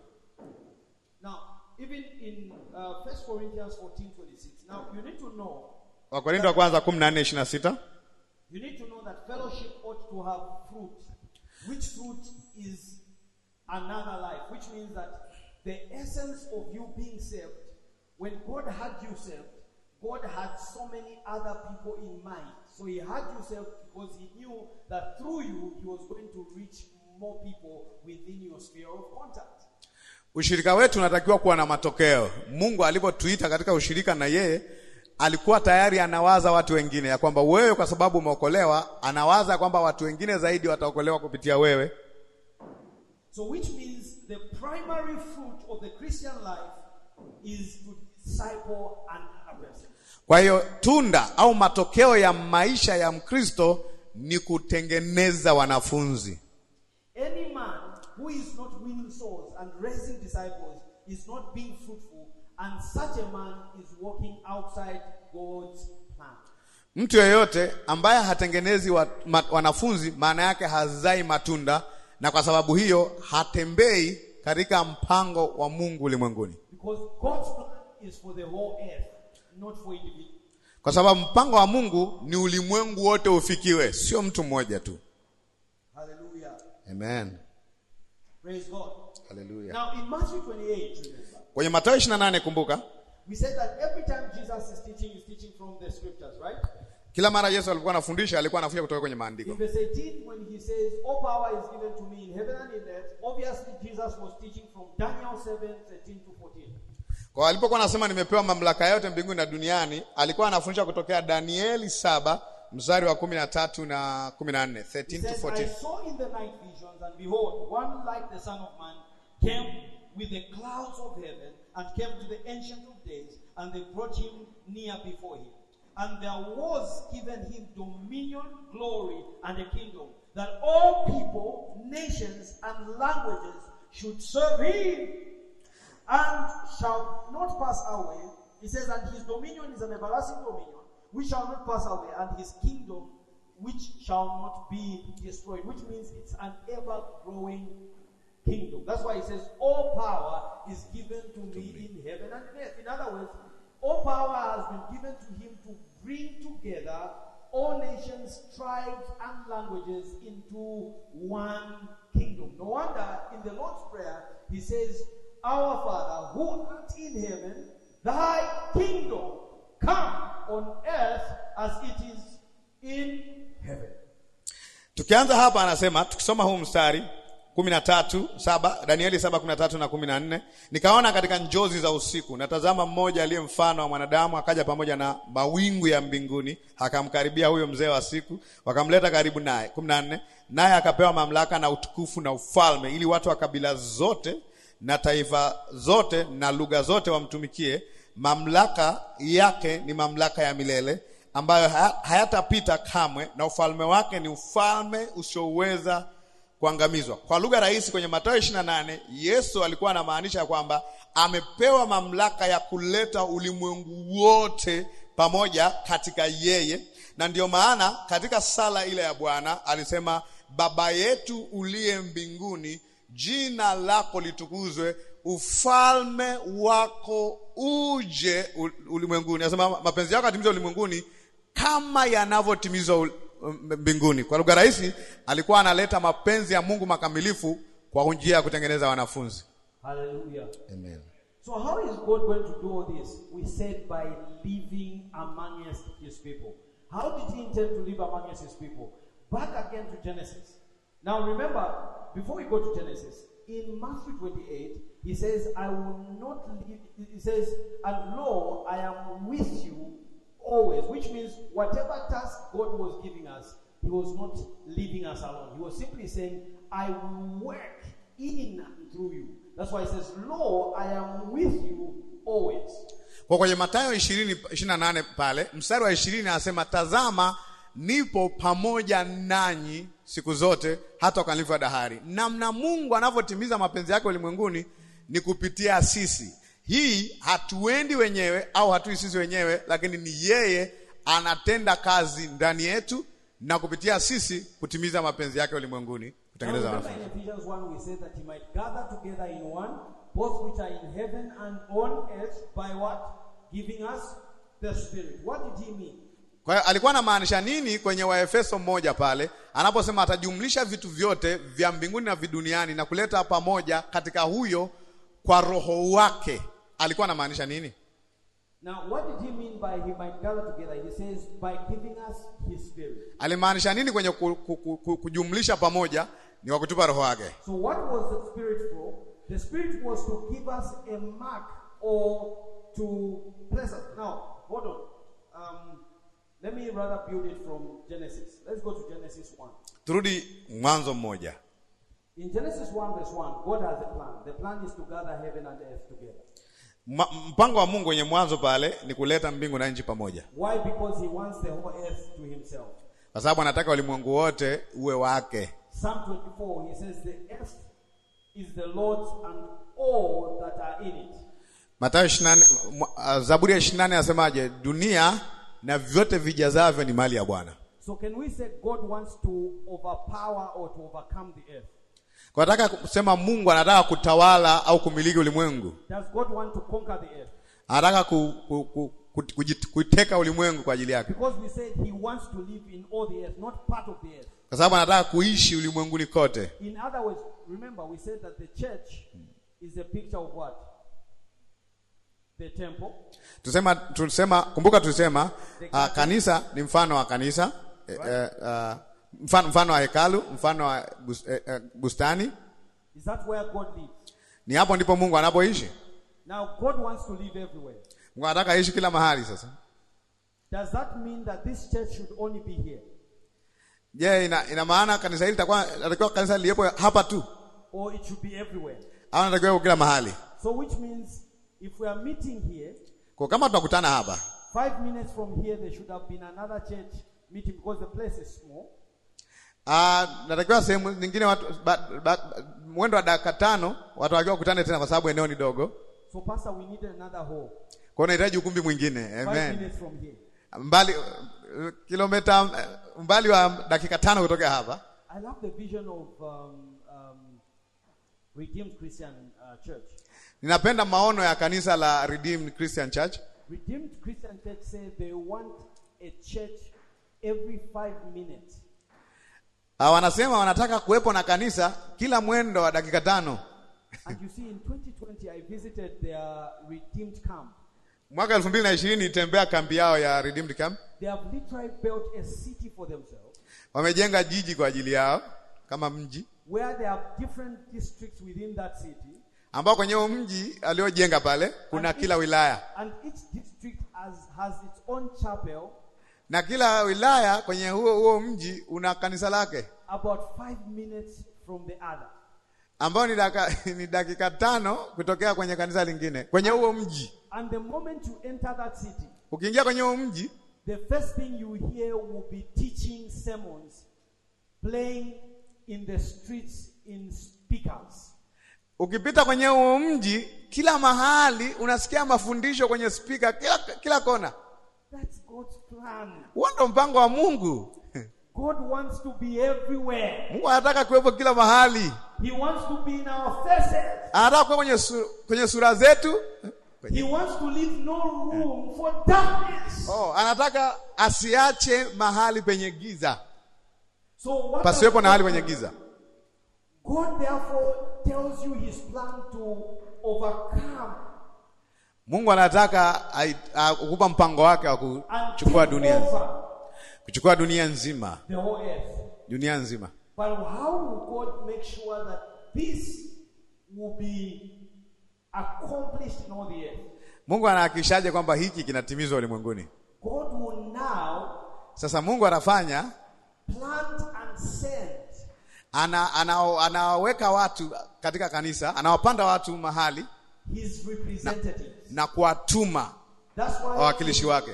even in uh, 1 Corinthians 14:26. Now you need to know. Wakorintho wa kwanza 14:26. You need to know that fellowship ought to have fruit, which fruit is another life, which means that the essence of you being saved, when God had you saved, God had so many other people in mind. So he had you saved because he knew that through you, he was going to reach more people within your sphere of contact. Ushirika wetu unatakiwa kuwa na matokeo. Mungu alipotuita katika ushirika na yeye alikuwa tayari anawaza watu wengine, ya kwamba wewe kwa sababu umeokolewa, anawaza kwamba watu wengine zaidi wataokolewa kupitia wewe. So which means the primary fruit of the Christian life is to disciple and Kwa hiyo tunda au matokeo ya maisha ya Mkristo ni kutengeneza wanafunzi. Any man who is winning souls and raising disciples is not being fruitful, and such a man is walking outside God's plan. Mtu yeyote ambaye hatengenezi wa, ma, wanafunzi maana yake hazai matunda, na kwa sababu hiyo hatembei katika mpango wa Mungu ulimwenguni, kwa sababu mpango wa Mungu ni ulimwengu wote ufikiwe, sio mtu mmoja tu. Hallelujah. Amen. Praise God. Hallelujah. Now in Matthew 28, remember. Kwenye Mathayo 28 kumbuka. We said that every time Jesus is teaching, teaching from the scriptures, right? Kila mara Yesu alikuwa anafundisha, alikuwa anafundisha kutoka kwenye maandiko. In verse 18 when he says, "All power is given to me in heaven and in earth," obviously Jesus was teaching from Daniel 7:13 to 14. Kwa alipokuwa anasema nimepewa mamlaka yote mbinguni na duniani, alikuwa anafundisha kutokea Danieli saba mstari wa 13 na to 14. I saw in the night visions and behold one like the son of man came with the clouds of heaven and came to the ancient of days and they brought him near before him and there was given him dominion, glory, and a kingdom, that all people, nations, and languages should serve him and shall not pass away. He says that his dominion is an everlasting dominion, which shall not pass away, and his kingdom which shall not be destroyed, which means it's an ever growing kingdom. That's why he says, All power is given to, to me, me, in heaven and earth. In other words, all power has been given to him to bring together all nations, tribes, and languages into one kingdom. No wonder in the Lord's Prayer he says, Our Father who art in heaven, thy kingdom come on earth as it is in heaven. Tukianza hapa anasema tukisoma huu mstari 13 7 Danieli 7:13 na 14, nikaona katika njozi za usiku natazama mmoja aliye mfano wa mwanadamu akaja pamoja na mawingu ya mbinguni, akamkaribia huyo mzee wa siku, wakamleta karibu naye. 14, naye akapewa mamlaka na utukufu na ufalme, ili watu wa kabila zote na taifa zote na lugha zote wamtumikie Mamlaka yake ni mamlaka ya milele ambayo hayatapita kamwe, na ufalme wake ni ufalme usioweza kuangamizwa. Kwa lugha rahisi, kwenye Mathayo 28 Yesu alikuwa anamaanisha kwamba amepewa mamlaka ya kuleta ulimwengu wote pamoja katika yeye, na ndiyo maana katika sala ile ya Bwana alisema, Baba yetu uliye mbinguni, jina lako litukuzwe ufalme wako uje ulimwenguni. Anasema mapenzi yako yatimizwe ulimwenguni kama yanavyotimizwa mbinguni. Kwa lugha rahisi, alikuwa analeta mapenzi ya Mungu makamilifu kwa njia ya kutengeneza wanafunzi. Hallelujah. Amen. So how is God going to do all this? We said by living amongst his people. How did he intend to live amongst his people? Back again to Genesis. Now remember, before we go to Genesis, in Matthew 28, he says, I will not leave, he says, and lo, I am with you always, which means whatever task God was giving us, he was not leaving us alone. He was simply saying, I will work in and through you. That's why he says, lo, I am with you always. Kwa kwenye Mathayo 28 pale mstari wa 20 anasema, tazama nipo pamoja nanyi siku zote hata ukamilifu wa dahari. Namna Mungu anavyotimiza mapenzi yake ulimwenguni ni kupitia sisi. Hii hatuendi wenyewe au hatui sisi wenyewe, lakini ni yeye anatenda kazi ndani yetu na kupitia sisi kutimiza mapenzi yake ulimwenguni, kutengeneza wanafunzi. Giving us the Spirit. What did he mean? Kwa hiyo alikuwa anamaanisha nini kwenye Waefeso mmoja pale anaposema atajumlisha vitu vyote vya mbinguni na viduniani na kuleta pamoja katika huyo kwa roho wake? Alikuwa anamaanisha nini? Now what did he mean by he might gather together? He says by giving us his spirit. Alimaanisha nini kwenye ku, ku, ku, ku, kujumlisha pamoja? Ni kwa kutupa roho wake. So what was the spirit for? The spirit was to give us a mark or to present. Now, hold on. Um, Let me rather build it from Genesis. Let's go to Genesis 1. Turudi mwanzo mmoja. In Genesis 1 verse 1, God has a plan. The plan is to gather heaven and earth together. mpango wa Mungu wenye mwanzo pale ni kuleta mbingu na nchi pamoja. Why? Because he wants the whole earth to himself. Kwa sababu anataka ulimwengu wote uwe wake. Psalm 24 he says the earth is the Lord's and all that are in it. Mathayo uh, Zaburi ya 28 anasemaje? Dunia na vyote vijazavyo ni mali ya Bwana. So can we say God wants to overpower or to overcome the earth? Kwa nataka kusema Mungu anataka kutawala au kumiliki ulimwengu. Does God want to conquer the earth? Anataka ku, ku, ku, kuteka ulimwengu kwa ajili yake. Because we said he wants to live in all the earth, not part of the earth. Kwa sababu anataka kuishi ulimwenguni kote. In other words, remember we said that the church is a picture of what? The temple. Tusema, tusema, kumbuka tulisema uh, kanisa ni mfano wa kanisa right. Eh, uh, eh, uh, ah, mfano, mfano wa hekalu, mfano wa uh, uh, bustani. Is that where God lives? Ni hapo ndipo Mungu anapoishi. Now God wants to live everywhere. Mungu anataka aishi kila mahali sasa. Does that mean that this church should only be here? Je, yeah, ina, ina maana kanisa hili litakuwa litakuwa kanisa lilipo hapa tu? Or it should be everywhere. Au natakiwa kila mahali. So which means If we are meeting here, kwa kama tunakutana hapa, five minutes from here there should have been another church meeting because the place is small. Ah, uh, natakiwa sehemu nyingine watu mwendo wa dakika tano watu wakiwa kukutana tena kwa sababu eneo ni dogo. So pastor, we need another hall. Kwa unahitaji ukumbi mwingine. Amen. Five minutes from here. Mbali kilomita mbali wa dakika tano kutoka hapa. I love the vision of um, um, Redeemed Christian uh, Church. Ninapenda maono ya kanisa la Redeemed Christian Church. Redeemed Christian Church say they want a church every five minutes. Ah, Wanasema wanataka kuwepo na kanisa kila mwendo wa dakika tano. And you see in 2020 I visited their Redeemed camp. Mwaka 2020 nitembea kambi yao ya Redeemed camp. They have literally built a city for themselves. Wamejenga jiji kwa ajili yao kama mji. Where they have different districts within that city ambao kwenye huo mji aliojenga pale kuna and kila wilaya and each district has, has its own chapel, na kila wilaya kwenye huo huo mji una kanisa lake about five minutes from the other ambao ni dakika, ni dakika tano kutokea kwenye kanisa lingine kwenye huo mji. And the moment you enter that city, ukiingia kwenye huo mji, the first thing you hear will be teaching sermons playing in the streets in speakers. Ukipita kwenye huo mji, kila mahali unasikia mafundisho kwenye spika, kila, kila kona. That's God's plan. Huo ndo mpango wa Mungu. God wants to be everywhere. Mungu anataka kuwepo kila mahali. He wants to be in our faces. Anataka kuwepo kwenye sura, kwenye sura zetu. Kwenye. He wants to leave no room for darkness. Oh, anataka asiache mahali penye giza. So pasiwepo na hali penye giza. God therefore tells you his plan to overcome. Mungu anataka kukupa mpango wake wa kuchukua dunia, kuchukua dunia nzima, dunia nzima. But how will God make sure that peace will be accomplished in all the earth? Mungu anahakikishaje kwamba hiki kinatimizwa ulimwenguni? God will now, sasa Mungu anafanya plant and sell And our ana, anawaweka to katika kanisa, and our pandawa to mahali His representatives. na, Oh, kuwatuma wawakilishi wake.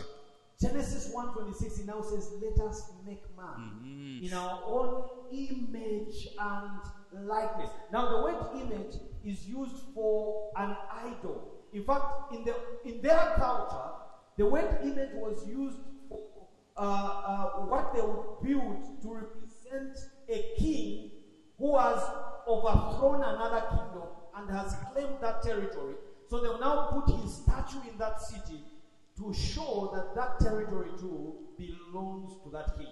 Genesis 1:26 now says let us make man mm-hmm. in our own image and likeness. Now the word image is used for an idol. In fact, in the in their culture, the word image was used for uh, uh, what they would build to represent a king who has overthrown another kingdom and has claimed that territory. So they'll now put his statue in that city to show that that territory too belongs to that king.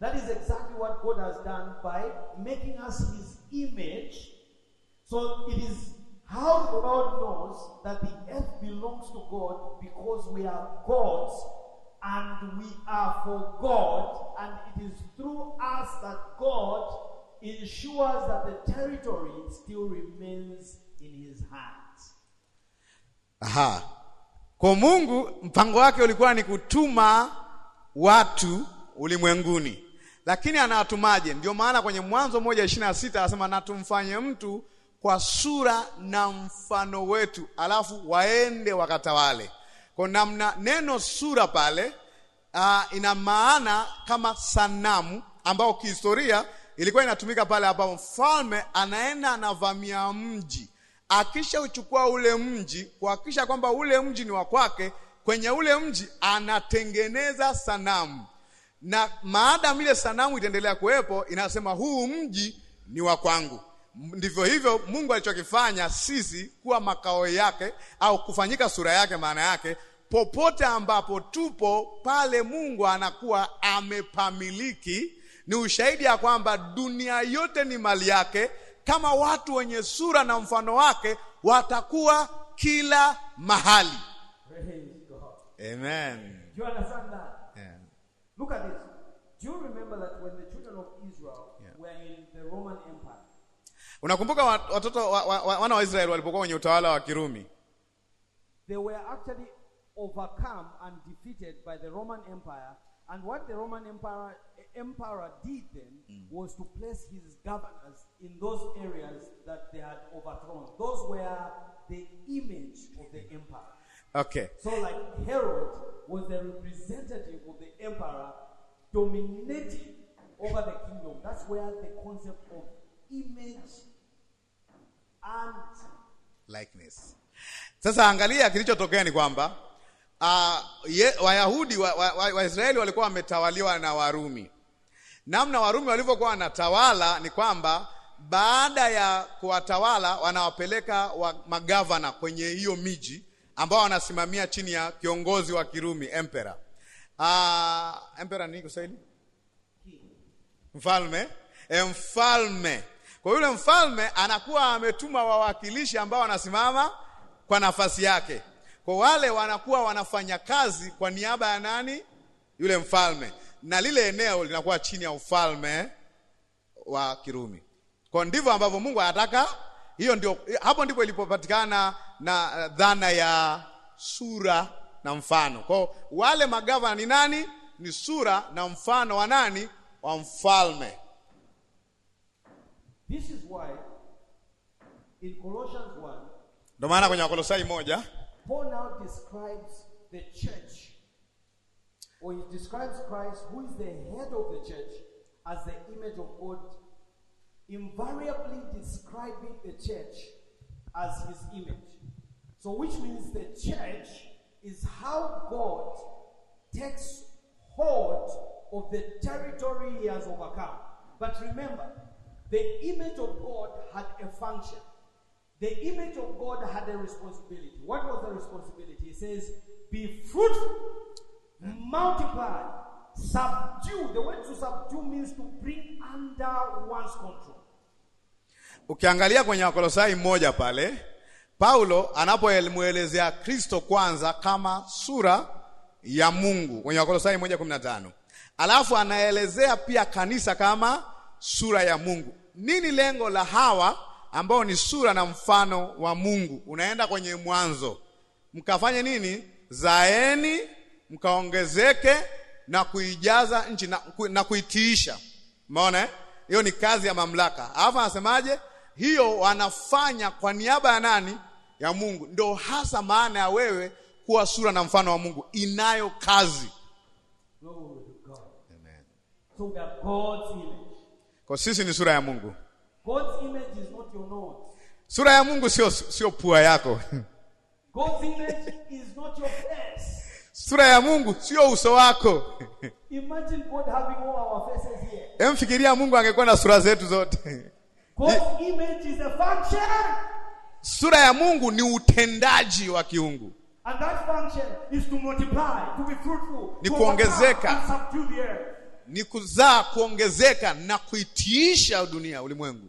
That is exactly what God has done by making us his image. So it is how God knows that the earth belongs to God because we are God's and we are for God, and it is through us that God ensures that the territory still remains in his hands. Aha. Kwa Mungu mpango wake ulikuwa ni kutuma watu ulimwenguni, lakini anawatumaje? Ndio maana kwenye Mwanzo moja ishirini na sita anasema na tumfanye mtu kwa sura na mfano wetu, alafu waende wakatawale. kwa namna neno sura pale uh, ina maana kama sanamu ambayo kihistoria ilikuwa inatumika pale ambapo mfalme anaenda anavamia mji, akisha uchukua ule mji, kuhakikisha kwamba ule mji ni wa kwake, kwenye ule mji anatengeneza sanamu, na maadam ile sanamu itaendelea kuwepo, inasema huu mji ni wa kwangu. Ndivyo hivyo Mungu alichokifanya sisi kuwa makao yake au kufanyika sura yake, maana yake popote ambapo tupo pale Mungu anakuwa amepamiliki. Ni ushahidi ya kwamba dunia yote ni mali yake, kama watu wenye sura na mfano wake watakuwa kila mahali. Amen. You understand that? Yeah. Look at this. Do you remember that when the children of Israel yeah. were in the Roman Empire? Unakumbuka watoto wa, wana wa Israel walipokuwa kwenye utawala wa Kirumi? They were actually overcome and defeated by the Roman Empire. And what the Roman Empire, emperor did then mm. was to place his governors in those areas that they had overthrown. Those were the image of the empire. Okay. So, like Herod was the representative of the emperor dominating over the kingdom. That's where the concept of image and likeness. Sasa angalia kilichotokea ni kwamba uh, Wayahudi Waisraeli wa, wa walikuwa wametawaliwa na Warumi. Namna Warumi walivyokuwa wanatawala ni kwamba baada ya kuwatawala wanawapeleka wa magavana kwenye hiyo miji ambao wanasimamia chini ya kiongozi wa Kirumi emperor. Uh, emperor ni Kiswahili? Mfalme, e, mfalme. Kwa yule mfalme anakuwa ametuma wawakilishi ambao wanasimama kwa nafasi yake. Kwa wale wanakuwa wanafanya kazi kwa niaba ya nani? Yule mfalme, na lile eneo linakuwa chini ya ufalme wa Kirumi. Kwa ndivyo ambavyo Mungu anataka hiyo, ndio hapo ndipo ilipopatikana na eh, dhana ya sura na mfano. Kwa wale magavana ni nani? Ni sura na mfano wa nani? Wa mfalme. This is why in Colossians 1 ndio maana kwenye Wakolosai moja Paul now describes the church, or he describes Christ, who is the head of the church, as the image of God, invariably describing the church as his image. So, which means the church is how God takes hold of the territory he has overcome. But remember, the image of God had a function. The image of God had a responsibility. What was the responsibility? He says, Be fruitful, multiply, subdue. The word to subdue means to bring under one's control. Ukiangalia kwenye Wakolosai mmoja pale, Paulo anapomwelezea Kristo kwanza kama sura ya Mungu kwenye Wakolosai 1:15. Alafu anaelezea pia kanisa kama sura ya Mungu. Nini lengo la hawa ambao ni sura na mfano wa Mungu. Unaenda kwenye Mwanzo, mkafanye nini? Zaeni mkaongezeke na kuijaza nchi na, ku, na kuitiisha. Umeona eh? hiyo ni kazi ya mamlaka. Alafu anasemaje? Hiyo wanafanya kwa niaba ya nani? Ya Mungu. Ndio hasa maana ya wewe kuwa sura na mfano wa Mungu, inayo kazi Amen. Kwa sisi ni sura ya Mungu. God's image Sura ya Mungu sio sio pua yako. God's image is not your face. Sura ya Mungu sio uso wako. Imagine God having all our faces here. emfikiria Mungu angekuwa na sura zetu zote. God's image is a function. Sura ya Mungu ni utendaji wa kiungu. And that function is to multiply, to be fruitful, ni kuongezeka, ni kuzaa, kuongezeka na kuitiisha dunia, ulimwengu.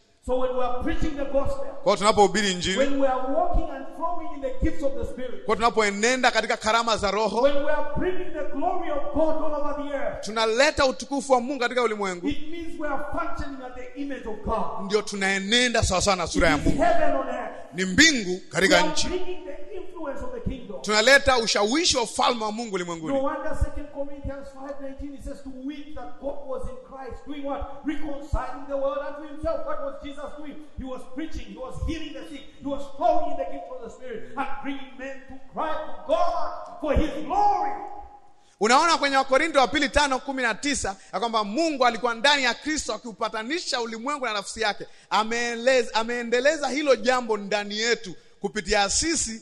So when we are preaching the gospel, tunapohubiri injili, when we are walking and flowing in the gifts of the spirit, tunapoenenda katika karama za Roho, when we are bringing the glory of God all over the earth, tunaleta utukufu wa Mungu katika ulimwengu. It means we are functioning at the image of God, ndio tunaenenda sawa sawa na sura ya Mungu. Ni mbingu katika nchi, tunaleta ushawishi wa ufalme wa Mungu ulimwenguni. No wonder 2 Corinthians 5:19 says to weep that God Christ doing what? Reconciling the world unto himself. What was Jesus doing? He was preaching, he was healing the sick, he was flowing in the gift of the Spirit and bringing men to cry to God for his glory. Unaona kwenye Wakorinto wa pili tano kumi na tisa ya kwamba Mungu alikuwa ndani ya Kristo akiupatanisha ulimwengu na nafsi yake. ameendeleza hilo jambo ndani yetu kupitia sisi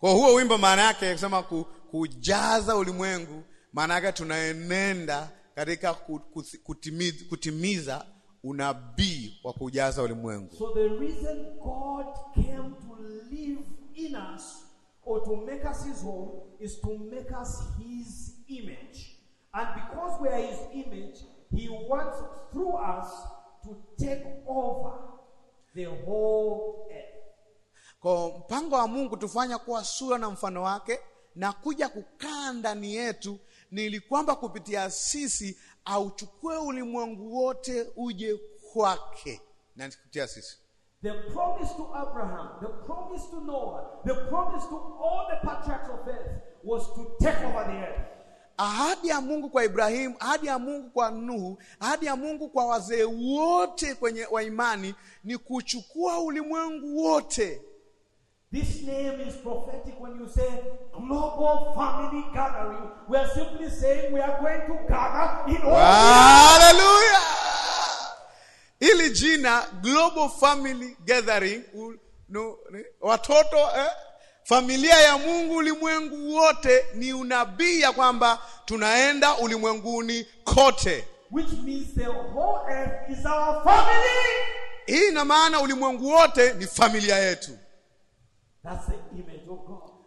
Kwa huo wimbo maana yake kusema ku, kujaza ulimwengu, maana yake tunaenenda katika kutimiza, kutimiza unabii wa kujaza ulimwengu. So the reason God came to live in us or to make us his home is to make us his image. And because we are his image, he wants through us to take over the whole earth. Kwa mpango wa Mungu tufanya kuwa sura na mfano wake na kuja kukaa ndani yetu, ili kwamba kupitia sisi auchukue ulimwengu wote uje kwake na kupitia sisi The promise to Abraham, the promise to Noah, the promise to all the patriarchs of earth was to take over the earth. Ahadi ya Mungu kwa Ibrahimu, ahadi ya Mungu kwa Nuhu, ahadi ya Mungu kwa wazee wote kwenye waimani ni kuchukua ulimwengu wote. This name is prophetic when you say global family gathering. We are simply saying we are going to gather in all. Hallelujah. Ili jina global family gathering no, watoto eh, familia ya Mungu ulimwengu wote ni unabii ya kwamba tunaenda ulimwenguni kote. Which means the whole earth is our family. Hii ina maana ulimwengu wote ni familia yetu.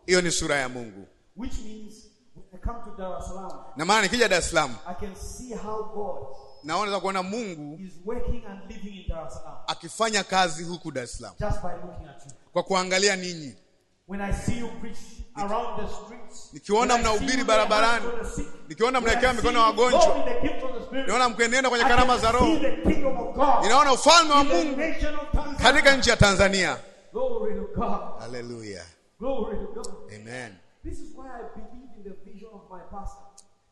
Hiyo ni sura ya Mungu. Which means when I come to Dar es Salaam. Na maana nikija Dar es Salaam. I kuona Mungu is working and living in Dar es Salaam. Akifanya kazi huku Dar es Salaam. Just by looking at you. Kwa kuangalia ninyi. When I see you preach around the streets. Nikiona mnahubiri barabarani. Nikiona mnaekea mikono ya wagonjwa. Niona mkienenda kwenye karama za Roho. Ninaona ufalme wa Mungu katika nchi ya Tanzania. Glory to God. Hallelujah. Glory to God. Amen. This is why I believe in the vision of my pastor.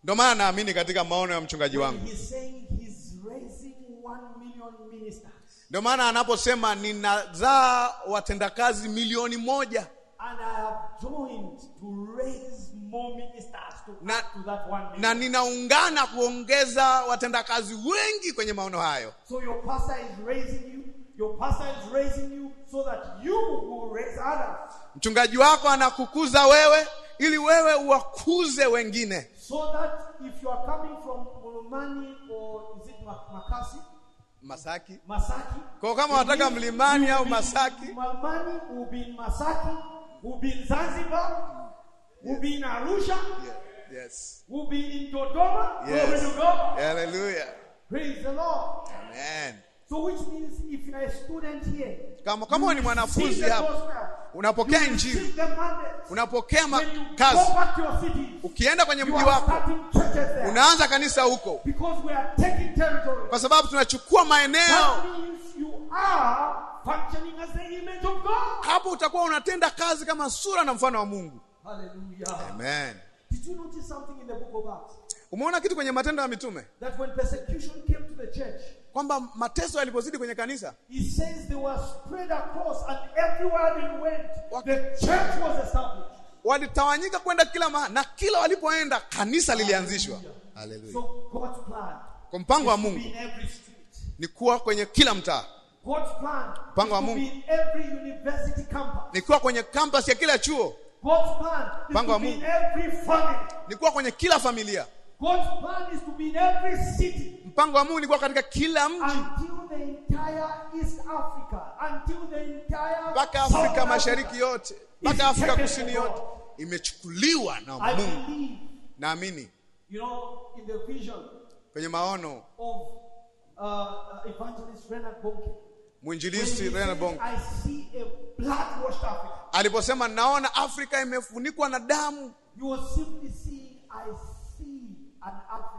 Ndio maana naamini katika maono ya mchungaji wangu. He's saying he's raising 1 million ministers. Ndio maana anaposema ninazaa watendakazi milioni moja. And I have joined to raise more ministers to na, to that one Na ninaungana kuongeza watendakazi wengi kwenye maono hayo. So your pastor is raising you, your pastor is raising you so that you will raise others. Mchungaji wako anakukuza wewe ili wewe uwakuze wengine. So that if you are coming from Mulumani or is it Makasi? Masaki. Masaki. Kwa kama wataka mlimani au Masaki. Mlimani in Masaki, will be in Zanzibar, will be in Arusha. Yeah. Yes. Will be in Dodoma. Yes. Where will you go? Hallelujah. Praise the Lord. Amen. So which means if you are a student here, kama kama wewe ni mwanafunzi hapa unapokea injili, unapokea makazi, ukienda kwenye mji wako unaanza kanisa huko, kwa sababu tunachukua maeneo hapo, utakuwa unatenda kazi kama sura na mfano wa Mungu. Hallelujah. Amen. Umeona kitu kwenye Matendo ya Mitume? That when persecution came to the church, kwamba mateso yalipozidi kwenye kanisa, Walitawanyika kwenda kila mahali na kila walipoenda kanisa lilianzishwa. kwa mpango wa Mungu ni kuwa kwenye kila mtaa. mpango wa Mungu ni kuwa kwenye kampas ya kila chuo. mpango wa Mungu ni kuwa kwenye kila familia. God's plan is to be in every city. Mpango wa Mungu ulikuwa katika kila mji mpaka Afrika Mashariki yote mpaka Afrika Kusini yote imechukuliwa na Mungu. Naamini kwenye maono uh, uh, mwinjilisti Renard Bonke aliposema naona Afrika imefunikwa na damu, you will simply see I see an Africa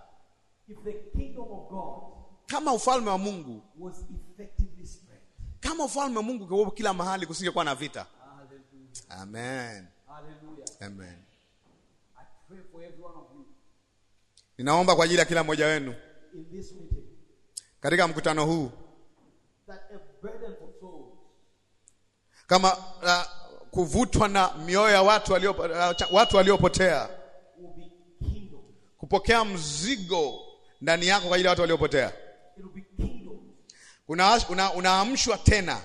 kama ufalme wa Mungu kama ufalme wa Mungu ungekuwa kila mahali, kusingekuwa na vita. Amen. Amen. Ninaomba kwa ajili ya kila mmoja wenu katika mkutano huu kama uh, kuvutwa na mioyo ya watu walio uh, watu waliopotea kupokea mzigo ndani yako kwa ajili ya watu waliopotea. Unaamshwa una, una tena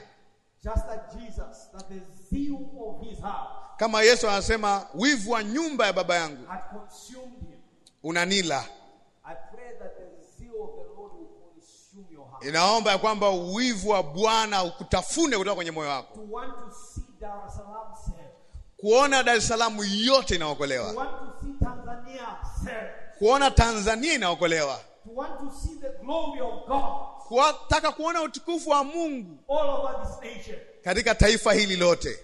Just like Jesus, that the zeal of his heart kama Yesu anasema wivu wa nyumba ya baba yangu unanila. Inaomba ya kwamba wivu wa Bwana ukutafune kutoka kwenye moyo wako, kuona Dar es Salaam yote inaokolewa kuona Tanzania inaokolewa, kutaka kuona utukufu wa Mungu katika taifa hili lote.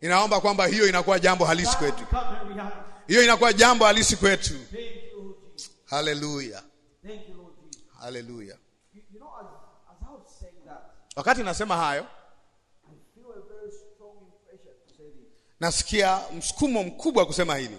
Inaomba kwamba hiyo inakuwa jambo halisi kwetu, hiyo inakuwa jambo halisi kwetu. Haleluya, haleluya. Wakati nasema hayo, nasikia msukumo mkubwa kusema hili.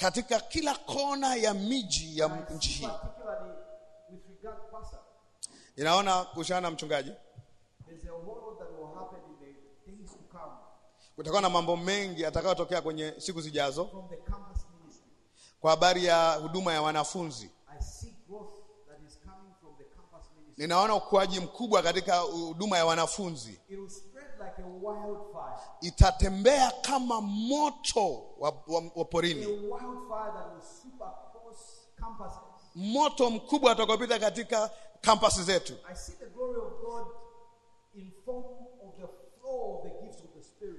katika kila kona ya miji ya nchi hii. Inaona kuhusiana na mchungaji, kutakuwa na mambo mengi atakayotokea kwenye siku zijazo kwa habari ya huduma ya wanafunzi. Ninaona ukuaji mkubwa katika huduma ya wanafunzi like a Itatembea kama moto wa, wa, wa porini. that will sweep across campuses. Moto mkubwa atakopita katika kampasi zetu.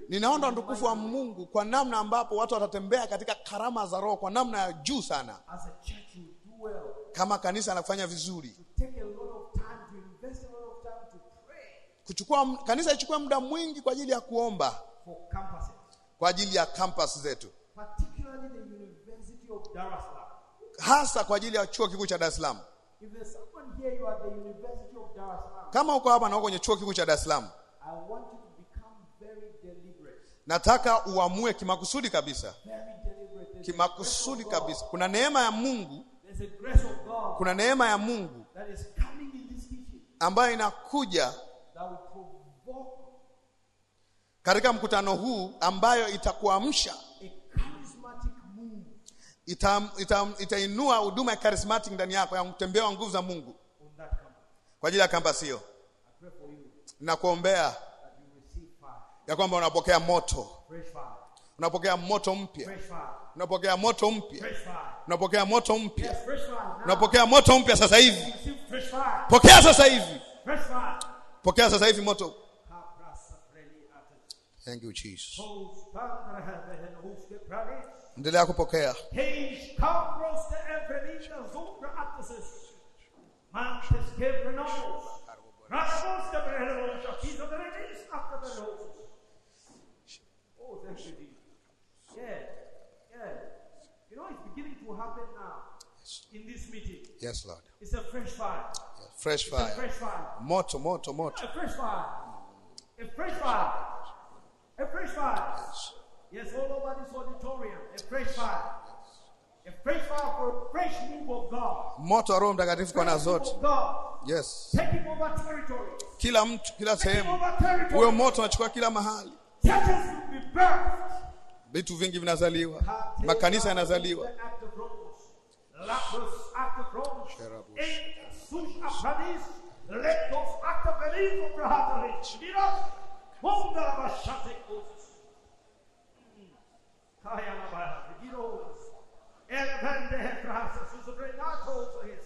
Ninaona utukufu wa Mungu kwa namna ambapo watu watatembea katika karama za Roho kwa namna ya juu sana. well. Kama kanisa anafanya vizuri. To take a kuchukua kanisa lichukue muda mwingi kwa ajili ya kuomba kwa ajili ya campus zetu hasa kwa ajili ya chuo kikuu cha Dar es Salaam. Kama uko hapa na uko kwenye chuo kikuu cha Dar es Salaam, nataka uamue kimakusudi kabisa, kimakusudi kabisa. Kuna neema ya Mungu, kuna neema ya Mungu ambayo inakuja katika mkutano huu ambayo itakuamsha itainua ita, ita huduma ya charismatic ndani yako ya mtembeo wa nguvu za Mungu kwa ajili ya kampasi hiyo. Nakuombea ya kwamba unapokea moto, unapokea moto mpya, unapokea moto mpya, unapokea moto mpya, unapokea moto mpya sasa hivi. Pokea sasa hivi, pokea sasa hivi moto Thank you Jesus. Endelea kupokea. Yeah, yeah. You know, it's beginning to happen now in this meeting. Yes, Lord. It's a fresh fire. Yeah, fresh, fire. fresh fire. Moto, moto, moto. A fresh fire. A fresh fire. A fresh fire. Yes, all over this auditorium. A fresh fire. A fresh fire for a fresh move of God. Moto wa Roho Mtakatifu kwa zote. Yes. Take over territory. Kila mtu, kila sehemu. Huyo moto unachukua kila mahali. Churches will be birthed. Vitu vingi vinazaliwa. Makanisa yanazaliwa. Lapus after Let those active believe of the heart of to bring our souls to his.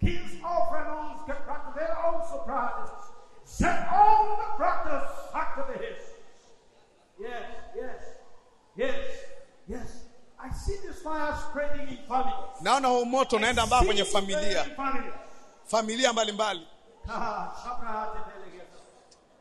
King's offerings can practice their own surprises. Set all the practice back to the his. Yes, yes, yes, yes. I see this fire spreading in families. Naona huu moto unaenda on kwenye familia. Familia mbalimbali. Ah,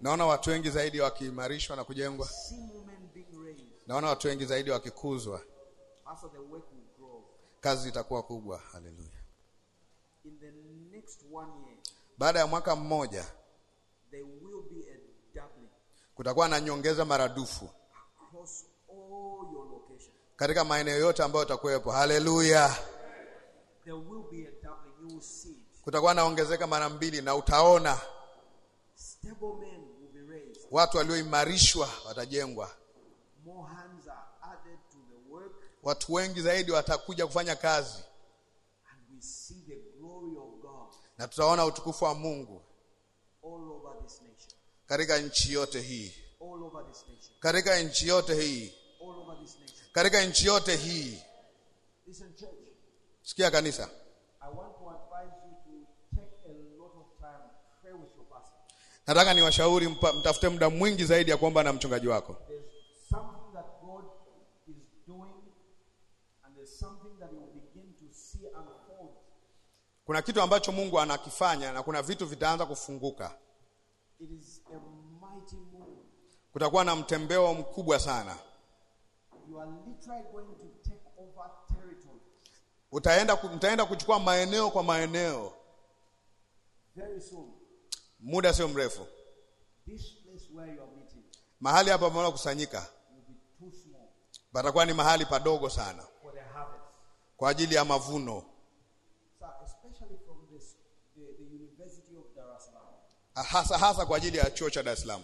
Naona watu wengi zaidi wakiimarishwa na kujengwa, naona watu wengi zaidi wakikuzwa, kazi itakuwa kubwa. Haleluya! Baada ya mwaka mmoja kutakuwa na nyongeza maradufu katika maeneo yote ambayo utakuwepo. Haleluya! kutakuwa naongezeka mara mbili na utaona Watu walioimarishwa watajengwa. Watu wengi zaidi watakuja kufanya kazi, na tutaona utukufu wa Mungu katika nchi yote hii, katika nchi yote hii, katika nchi yote hii. Sikia kanisa. Nataka niwashauri mtafute muda mwingi zaidi ya kuomba na mchungaji wako. Kuna kitu ambacho Mungu anakifanya na kuna vitu vitaanza kufunguka. Kutakuwa na mtembeo mkubwa sana. Utaenda mtaenda kuchukua maeneo kwa maeneo. Very soon muda sio mrefu mahali hapa mnaona kusanyika patakuwa ni mahali padogo sana kwa ajili ya mavuno ah, hasa hasa kwa ajili ya chuo cha Dar es Salaam.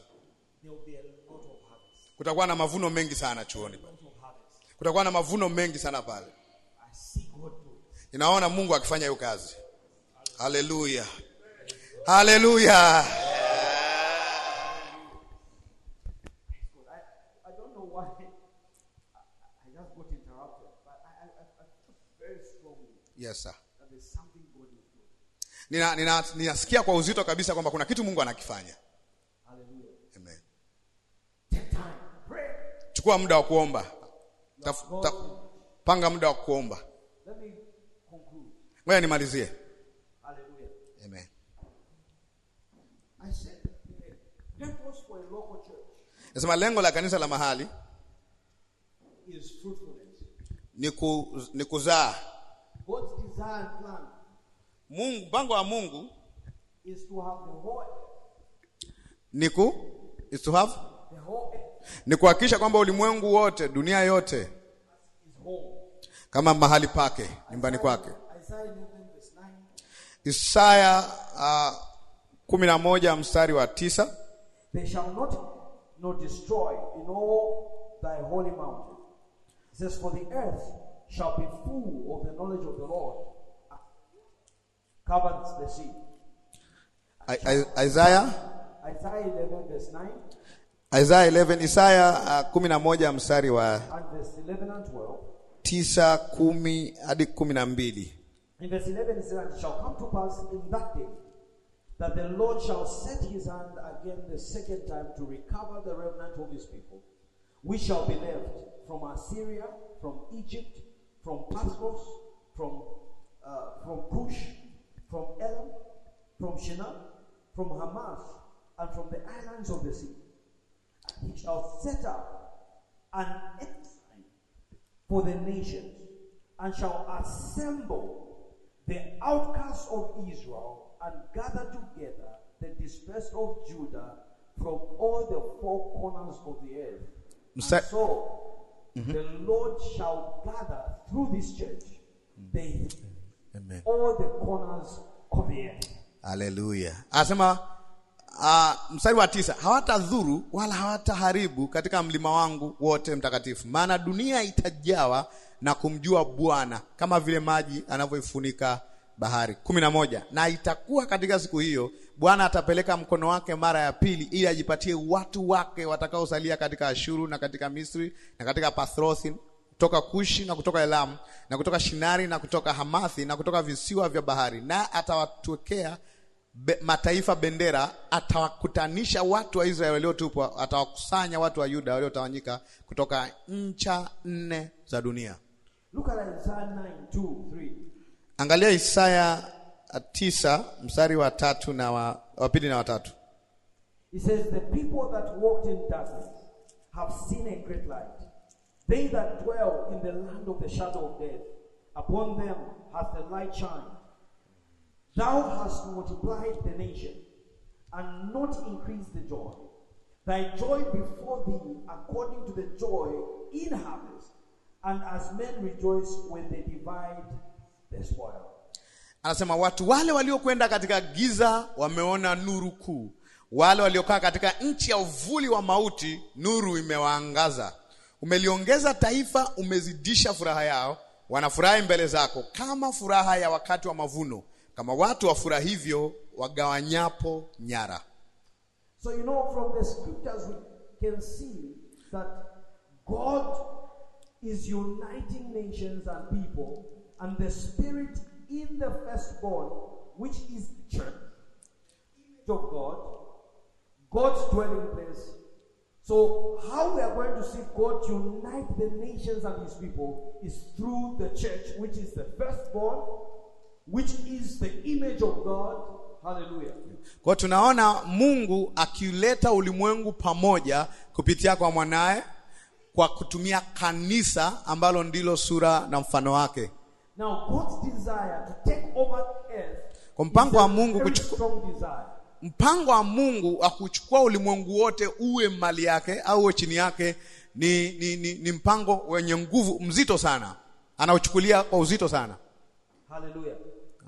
Kutakuwa na mavuno mengi sana chuoni pale, kutakuwa na mavuno mengi sana pale. Inaona Mungu akifanya hiyo kazi. Haleluya. Hallelujah. Yes, sir. Nina, nina, kwa uzito kabisa kwamba kuna kitu Mungu anakifanya. Amen. Chukua muda wa kuomba. Taf, taf, panga muda wa kuomba. Ngoja nimalizie. Nasema lengo la kanisa la mahali ni, ku, ni kuzaa. Mungu, mpango wa Mungu is to have the whole. Ni ku is to have the whole. Ni kuhakikisha kwamba ulimwengu wote, dunia yote kama mahali pake, nyumbani kwake. Isaya uh, kumi na moja mstari wa tisa They shall not nor destroyed in all thy holy mountain. It says, For the earth shall be full of the knowledge of the Lord, covers the sea. Isaiah Isaiah 11 verse 9. Isaiah 11 Isaiah Isaya uh, 11 mstari wa 9 10 hadi 12. In verse 11 it says, and it shall come to pass in that day that the Lord shall set his hand again the second time to recover the remnant of his people, we shall be left from Assyria, from Egypt, from Pathros, from, uh, from Cush, from Elam, from Shinar, from Hamath, and from the islands of the sea. And he shall set up an ensign for the nations, and shall assemble the outcasts of Israel and gather together the dispersed of Judah from all the four corners of the earth. Msa- and so mm-hmm. the Lord shall gather through this church the Amen. all the corners of the earth. Hallelujah. Asema uh, mstari wa tisa, hawatadhuru wala hawataharibu katika mlima wangu wote mtakatifu, maana dunia itajawa na kumjua Bwana kama vile maji anavyoifunika bahari. kumi na moja. Na itakuwa katika siku hiyo Bwana atapeleka mkono wake mara ya pili, ili ajipatie watu wake watakaosalia katika Ashuru na katika Misri na katika Pathrosi kutoka Kushi na kutoka Elamu na kutoka Shinari na kutoka Hamathi na kutoka visiwa vya bahari, na atawatwekea be, mataifa bendera. Atawakutanisha watu wa Israeli waliotupwa, atawakusanya watu wa Yuda waliotawanyika kutoka ncha nne za dunia. Luka 3 Angalia Isaya uh, tisa mstari wa tatu na wa, wa pili na watatu. He says the people that walked in darkness have seen a great light. They that dwell in the land of the shadow of death, upon them hath the light shined. Thou hast multiplied the nation, and not increased the joy. Thy joy before thee, according to the joy in harvest, and as men rejoice when they divide Anasema watu wale waliokwenda katika giza wameona nuru kuu, wale waliokaa katika nchi ya uvuli wa mauti, nuru imewaangaza. Umeliongeza taifa, umezidisha furaha yao, wanafurahi mbele zako kama furaha ya wakati wa mavuno, kama watu wafurahivyo wagawanyapo nyara. So you know from the scriptures we can see that God is uniting nations and people and the spirit in the firstborn, which is the church, image of God, God's dwelling place. So, how we are going to see God unite the nations and his people is through the church, which is the firstborn, which is the image of God. Hallelujah. Kwa tunaona Mungu akiuleta ulimwengu pamoja kupitia kwa mwanaye kwa kutumia kanisa ambalo ndilo sura na mfano wake. Now God's desire to take over earth kwa mpango wa Mungu mpango wa Mungu wa kuchukua ulimwengu wote uwe mali yake au uwe chini yake ni, ni, ni, ni mpango wenye nguvu mzito sana, anaochukulia kwa uzito sana. Hallelujah.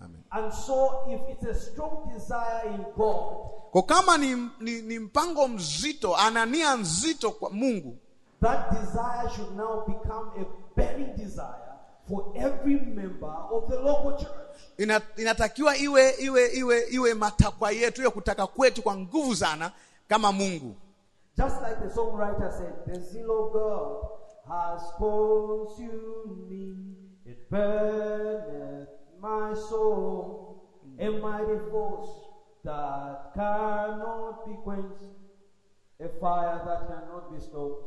Amen. And so if it's a strong desire in God, kwa kama ni, ni, ni mpango mzito, ana nia nzito kwa Mungu, that desire should now become a burning desire for every member of the local church. Ina, inatakiwa iwe iwe iwe iwe matakwa yetu ya kutaka kwetu kwa nguvu sana kama Mungu. Just like the songwriter said, the zeal of God has consumed me, it burneth my soul, a mighty force that cannot be quenched, a fire that cannot be stopped.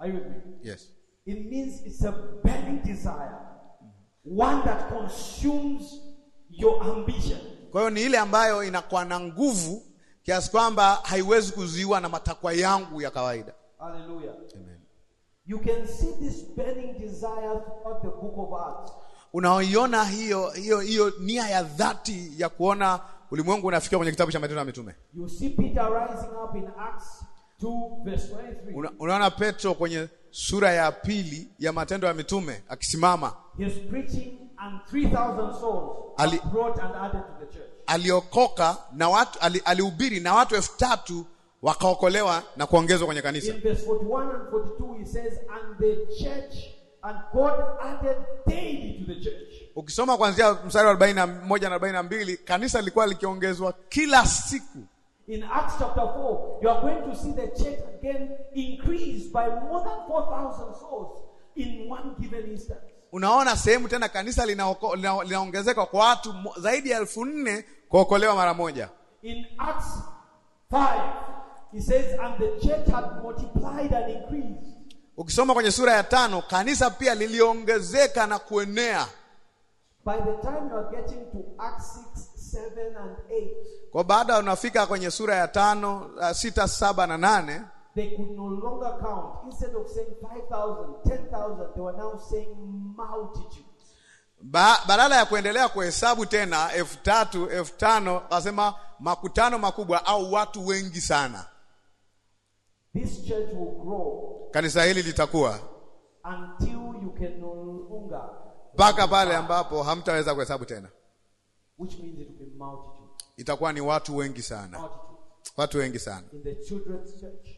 Are you with me? Yes. It means it's a burning desire one that consumes your ambition. Kwa hiyo ni ile ambayo inakuwa na nguvu kiasi kwamba haiwezi kuzuiwa na matakwa yangu ya kawaida. Hallelujah. Amen. You can see this burning desire throughout the book of Acts. Unaoiona hiyo hiyo hiyo nia ya dhati ya kuona ulimwengu unafikia kwenye kitabu cha Matendo ya Mitume. You see Peter rising up in Acts 2 verse 23. Unaona Petro kwenye sura ya pili ya Matendo ya Mitume akisimama He's preaching Aliokoka na watu ali, na watu elfu tatu wakaokolewa na kuongezwa kwenye kanisa. In verse 41 and 42 he says and Ukisoma kuanzia mstari wa 41 na mbili kanisa lilikuwa likiongezwa kila siku. In Acts chapter 4, you are going to see the church again increased by more than 4,000 souls in one given instance unaona sehemu tena kanisa linaongezeka lina, lina kwa watu zaidi ya elfu nne kuokolewa mara moja. In Acts 5 he says and the church had multiplied and increased. Ukisoma kwenye sura ya tano kanisa pia liliongezeka na kuenea. By the time you are getting to Acts 6, 7 and 8. Kwa baada unafika kwenye sura ya tano, uh, sita, saba na nane they could no longer count. Instead of saying 5,000, 10,000, they were now saying multitudes. Ba, badala ya kuendelea kuhesabu tena elfu tatu elfu tano akasema makutano makubwa au watu wengi sana. This church will grow kanisa hili litakuwa until you can no longer mpaka pale ambapo hamtaweza kuhesabu tena, which means it will be multitudes. Itakuwa ni watu wengi sana Watu wengi sana In the children's church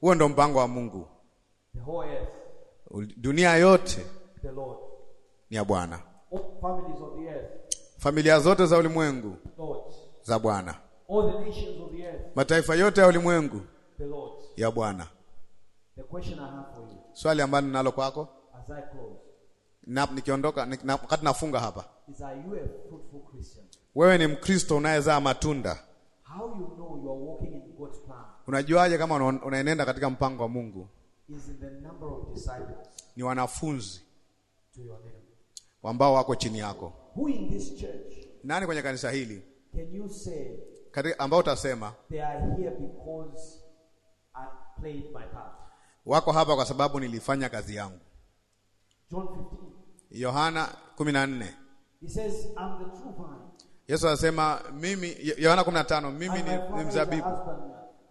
Huo ndo mpango wa Mungu. The whole earth. Dunia yote the Lord. ni ya Bwana. Familia zote za ulimwengu za Bwana. Mataifa yote ya ulimwengu ya Bwana. Swali ambalo ninalo kwako na nikiondoka wakati na, nafunga hapa. Wewe ni Mkristo unayezaa matunda How you know you are walking in God's plan? Unajuaje kama unaenenda katika mpango wa Mungu? Is the number of disciples. Ni wanafunzi to your name. Ambao wako chini yako. Who in this church? Nani kwenye kanisa hili? Can you say katika ambao utasema they are here because I played my part. Wako hapa kwa sababu nilifanya kazi yangu. John 15. Yohana 14. He says I'm the true vine. Yesu anasema mimi, Yohana 15, mimi ni, ni mzabibu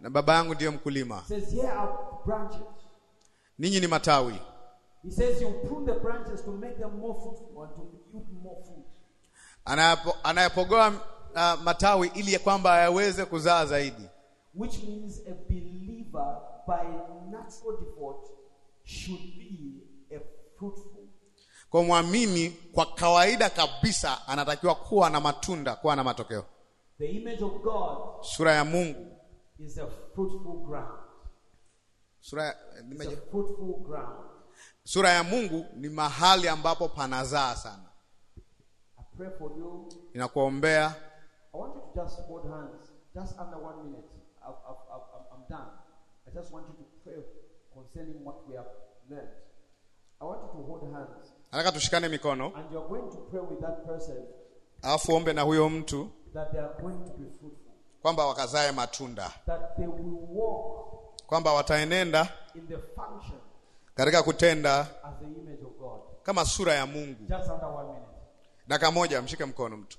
na baba yangu ndiye mkulima. Ninyi ni matawi. Anayapogoa uh, matawi ili ya kwamba yaweze kuzaa zaidi. Which means a believer by natural default should be a fruitful kwa mwamini kwa kawaida kabisa anatakiwa kuwa na matunda, kuwa na matokeo. The image of God sura ya Mungu is a fruitful ground. Sura, is a fruitful ground. Sura ya Mungu ni mahali ambapo panazaa sana. I pray for you. Ninakuombea. I want you to just hold hands just under one minute. I, I, I, I'm done. I just want you to pray concerning what we have learned. I want you to hold hands Nataka tushikane mikono alafu ombe na huyo mtu kwamba wakazae matunda, kwamba wataenenda katika kutenda kama sura ya Mungu. Dakika moja, mshike mkono mtu.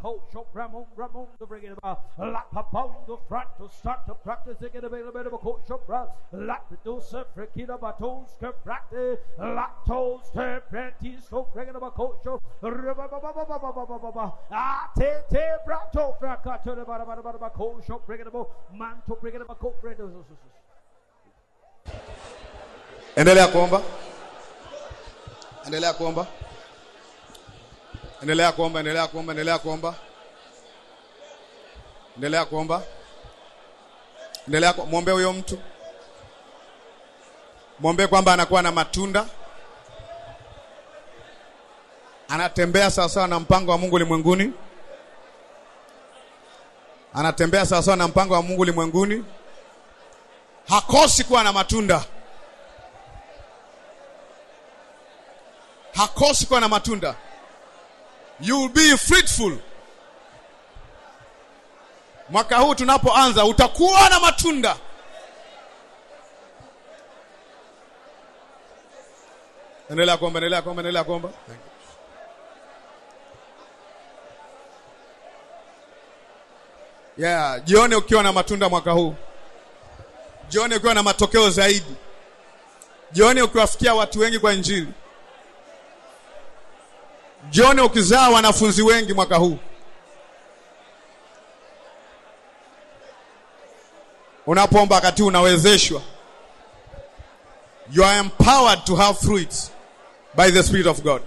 coach, Ramon, Ramon, the bring it about, like a pound the front to start to practice, they get a little bit of a coach, Brad, like the dosa, Frekina, Batons, to practice, like toes, to practice, so bring it about coach, Ah, te, te, brato, fracato, the bara, bara, bara, coach, bring it about, manto, bring it about, coach, Endelea kuomba. Endelea kuomba. Endelea kuomba, endelea kuomba, endelea kuomba, endelea kuomba, endelea mwombee huyo mtu, mwombee kwamba anakuwa na matunda, anatembea sawasawa na mpango wa Mungu ulimwenguni, anatembea sawasawa na mpango wa Mungu ulimwenguni, hakosi kuwa na matunda hakosi kuwa na matunda you will be fruitful. Mwaka huu tunapoanza utakuwa na matunda. Endelea kuomba, endelea kuomba, endelea kuomba. Yeah, jione ukiwa na matunda mwaka huu. Jione ukiwa na matokeo zaidi. Jione ukiwafikia watu wengi kwa Injili. John ukizaa wanafunzi wengi mwaka huu. Unapoomba wakati unawezeshwa. You are empowered to have fruits by the Spirit of God.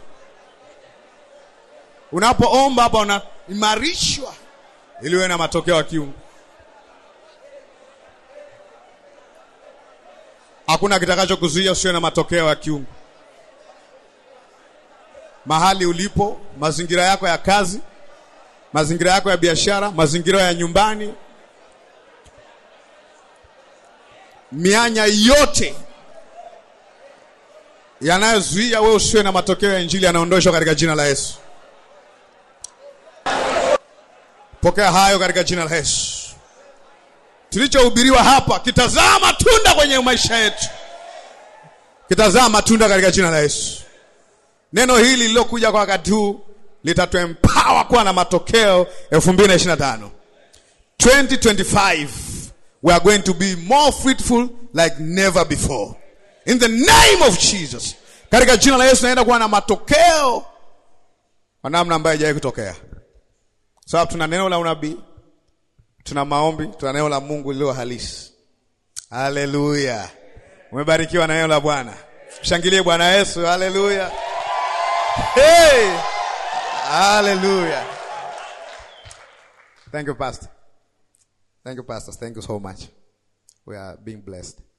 Unapoomba hapa unaimarishwa ili uwe na matokeo ya kiungu. Hakuna kitakachokuzuia usiwe na matokeo ya kiungu mahali ulipo, mazingira yako ya kazi, mazingira yako ya biashara, mazingira ya nyumbani, mianya yote yanayozuia wewe usiwe na matokeo ya Injili yanaondoshwa katika jina la Yesu. Pokea hayo katika jina la Yesu. Tulichohubiriwa hapa kitazaa matunda kwenye maisha yetu, kitazaa matunda katika jina la Yesu. Neno hili lililokuja kwa wakati huu litatuempower kuwa na matokeo 2025. 2025 we are going to be more fruitful like never before in the name of Jesus. Katika jina la Yesu naenda kuwa na matokeo kwa namna ambayo haijawahi kutokea. Sababu so, tuna neno la unabii, tuna maombi, tuna neno la Mungu lililo halisi. Haleluya! Umebarikiwa na neno la Bwana. Shangilie Bwana Yesu. Haleluya! Hey! Hallelujah. Thank you, Pastor. Thank you, Pastors. Thank you so much. We are being blessed.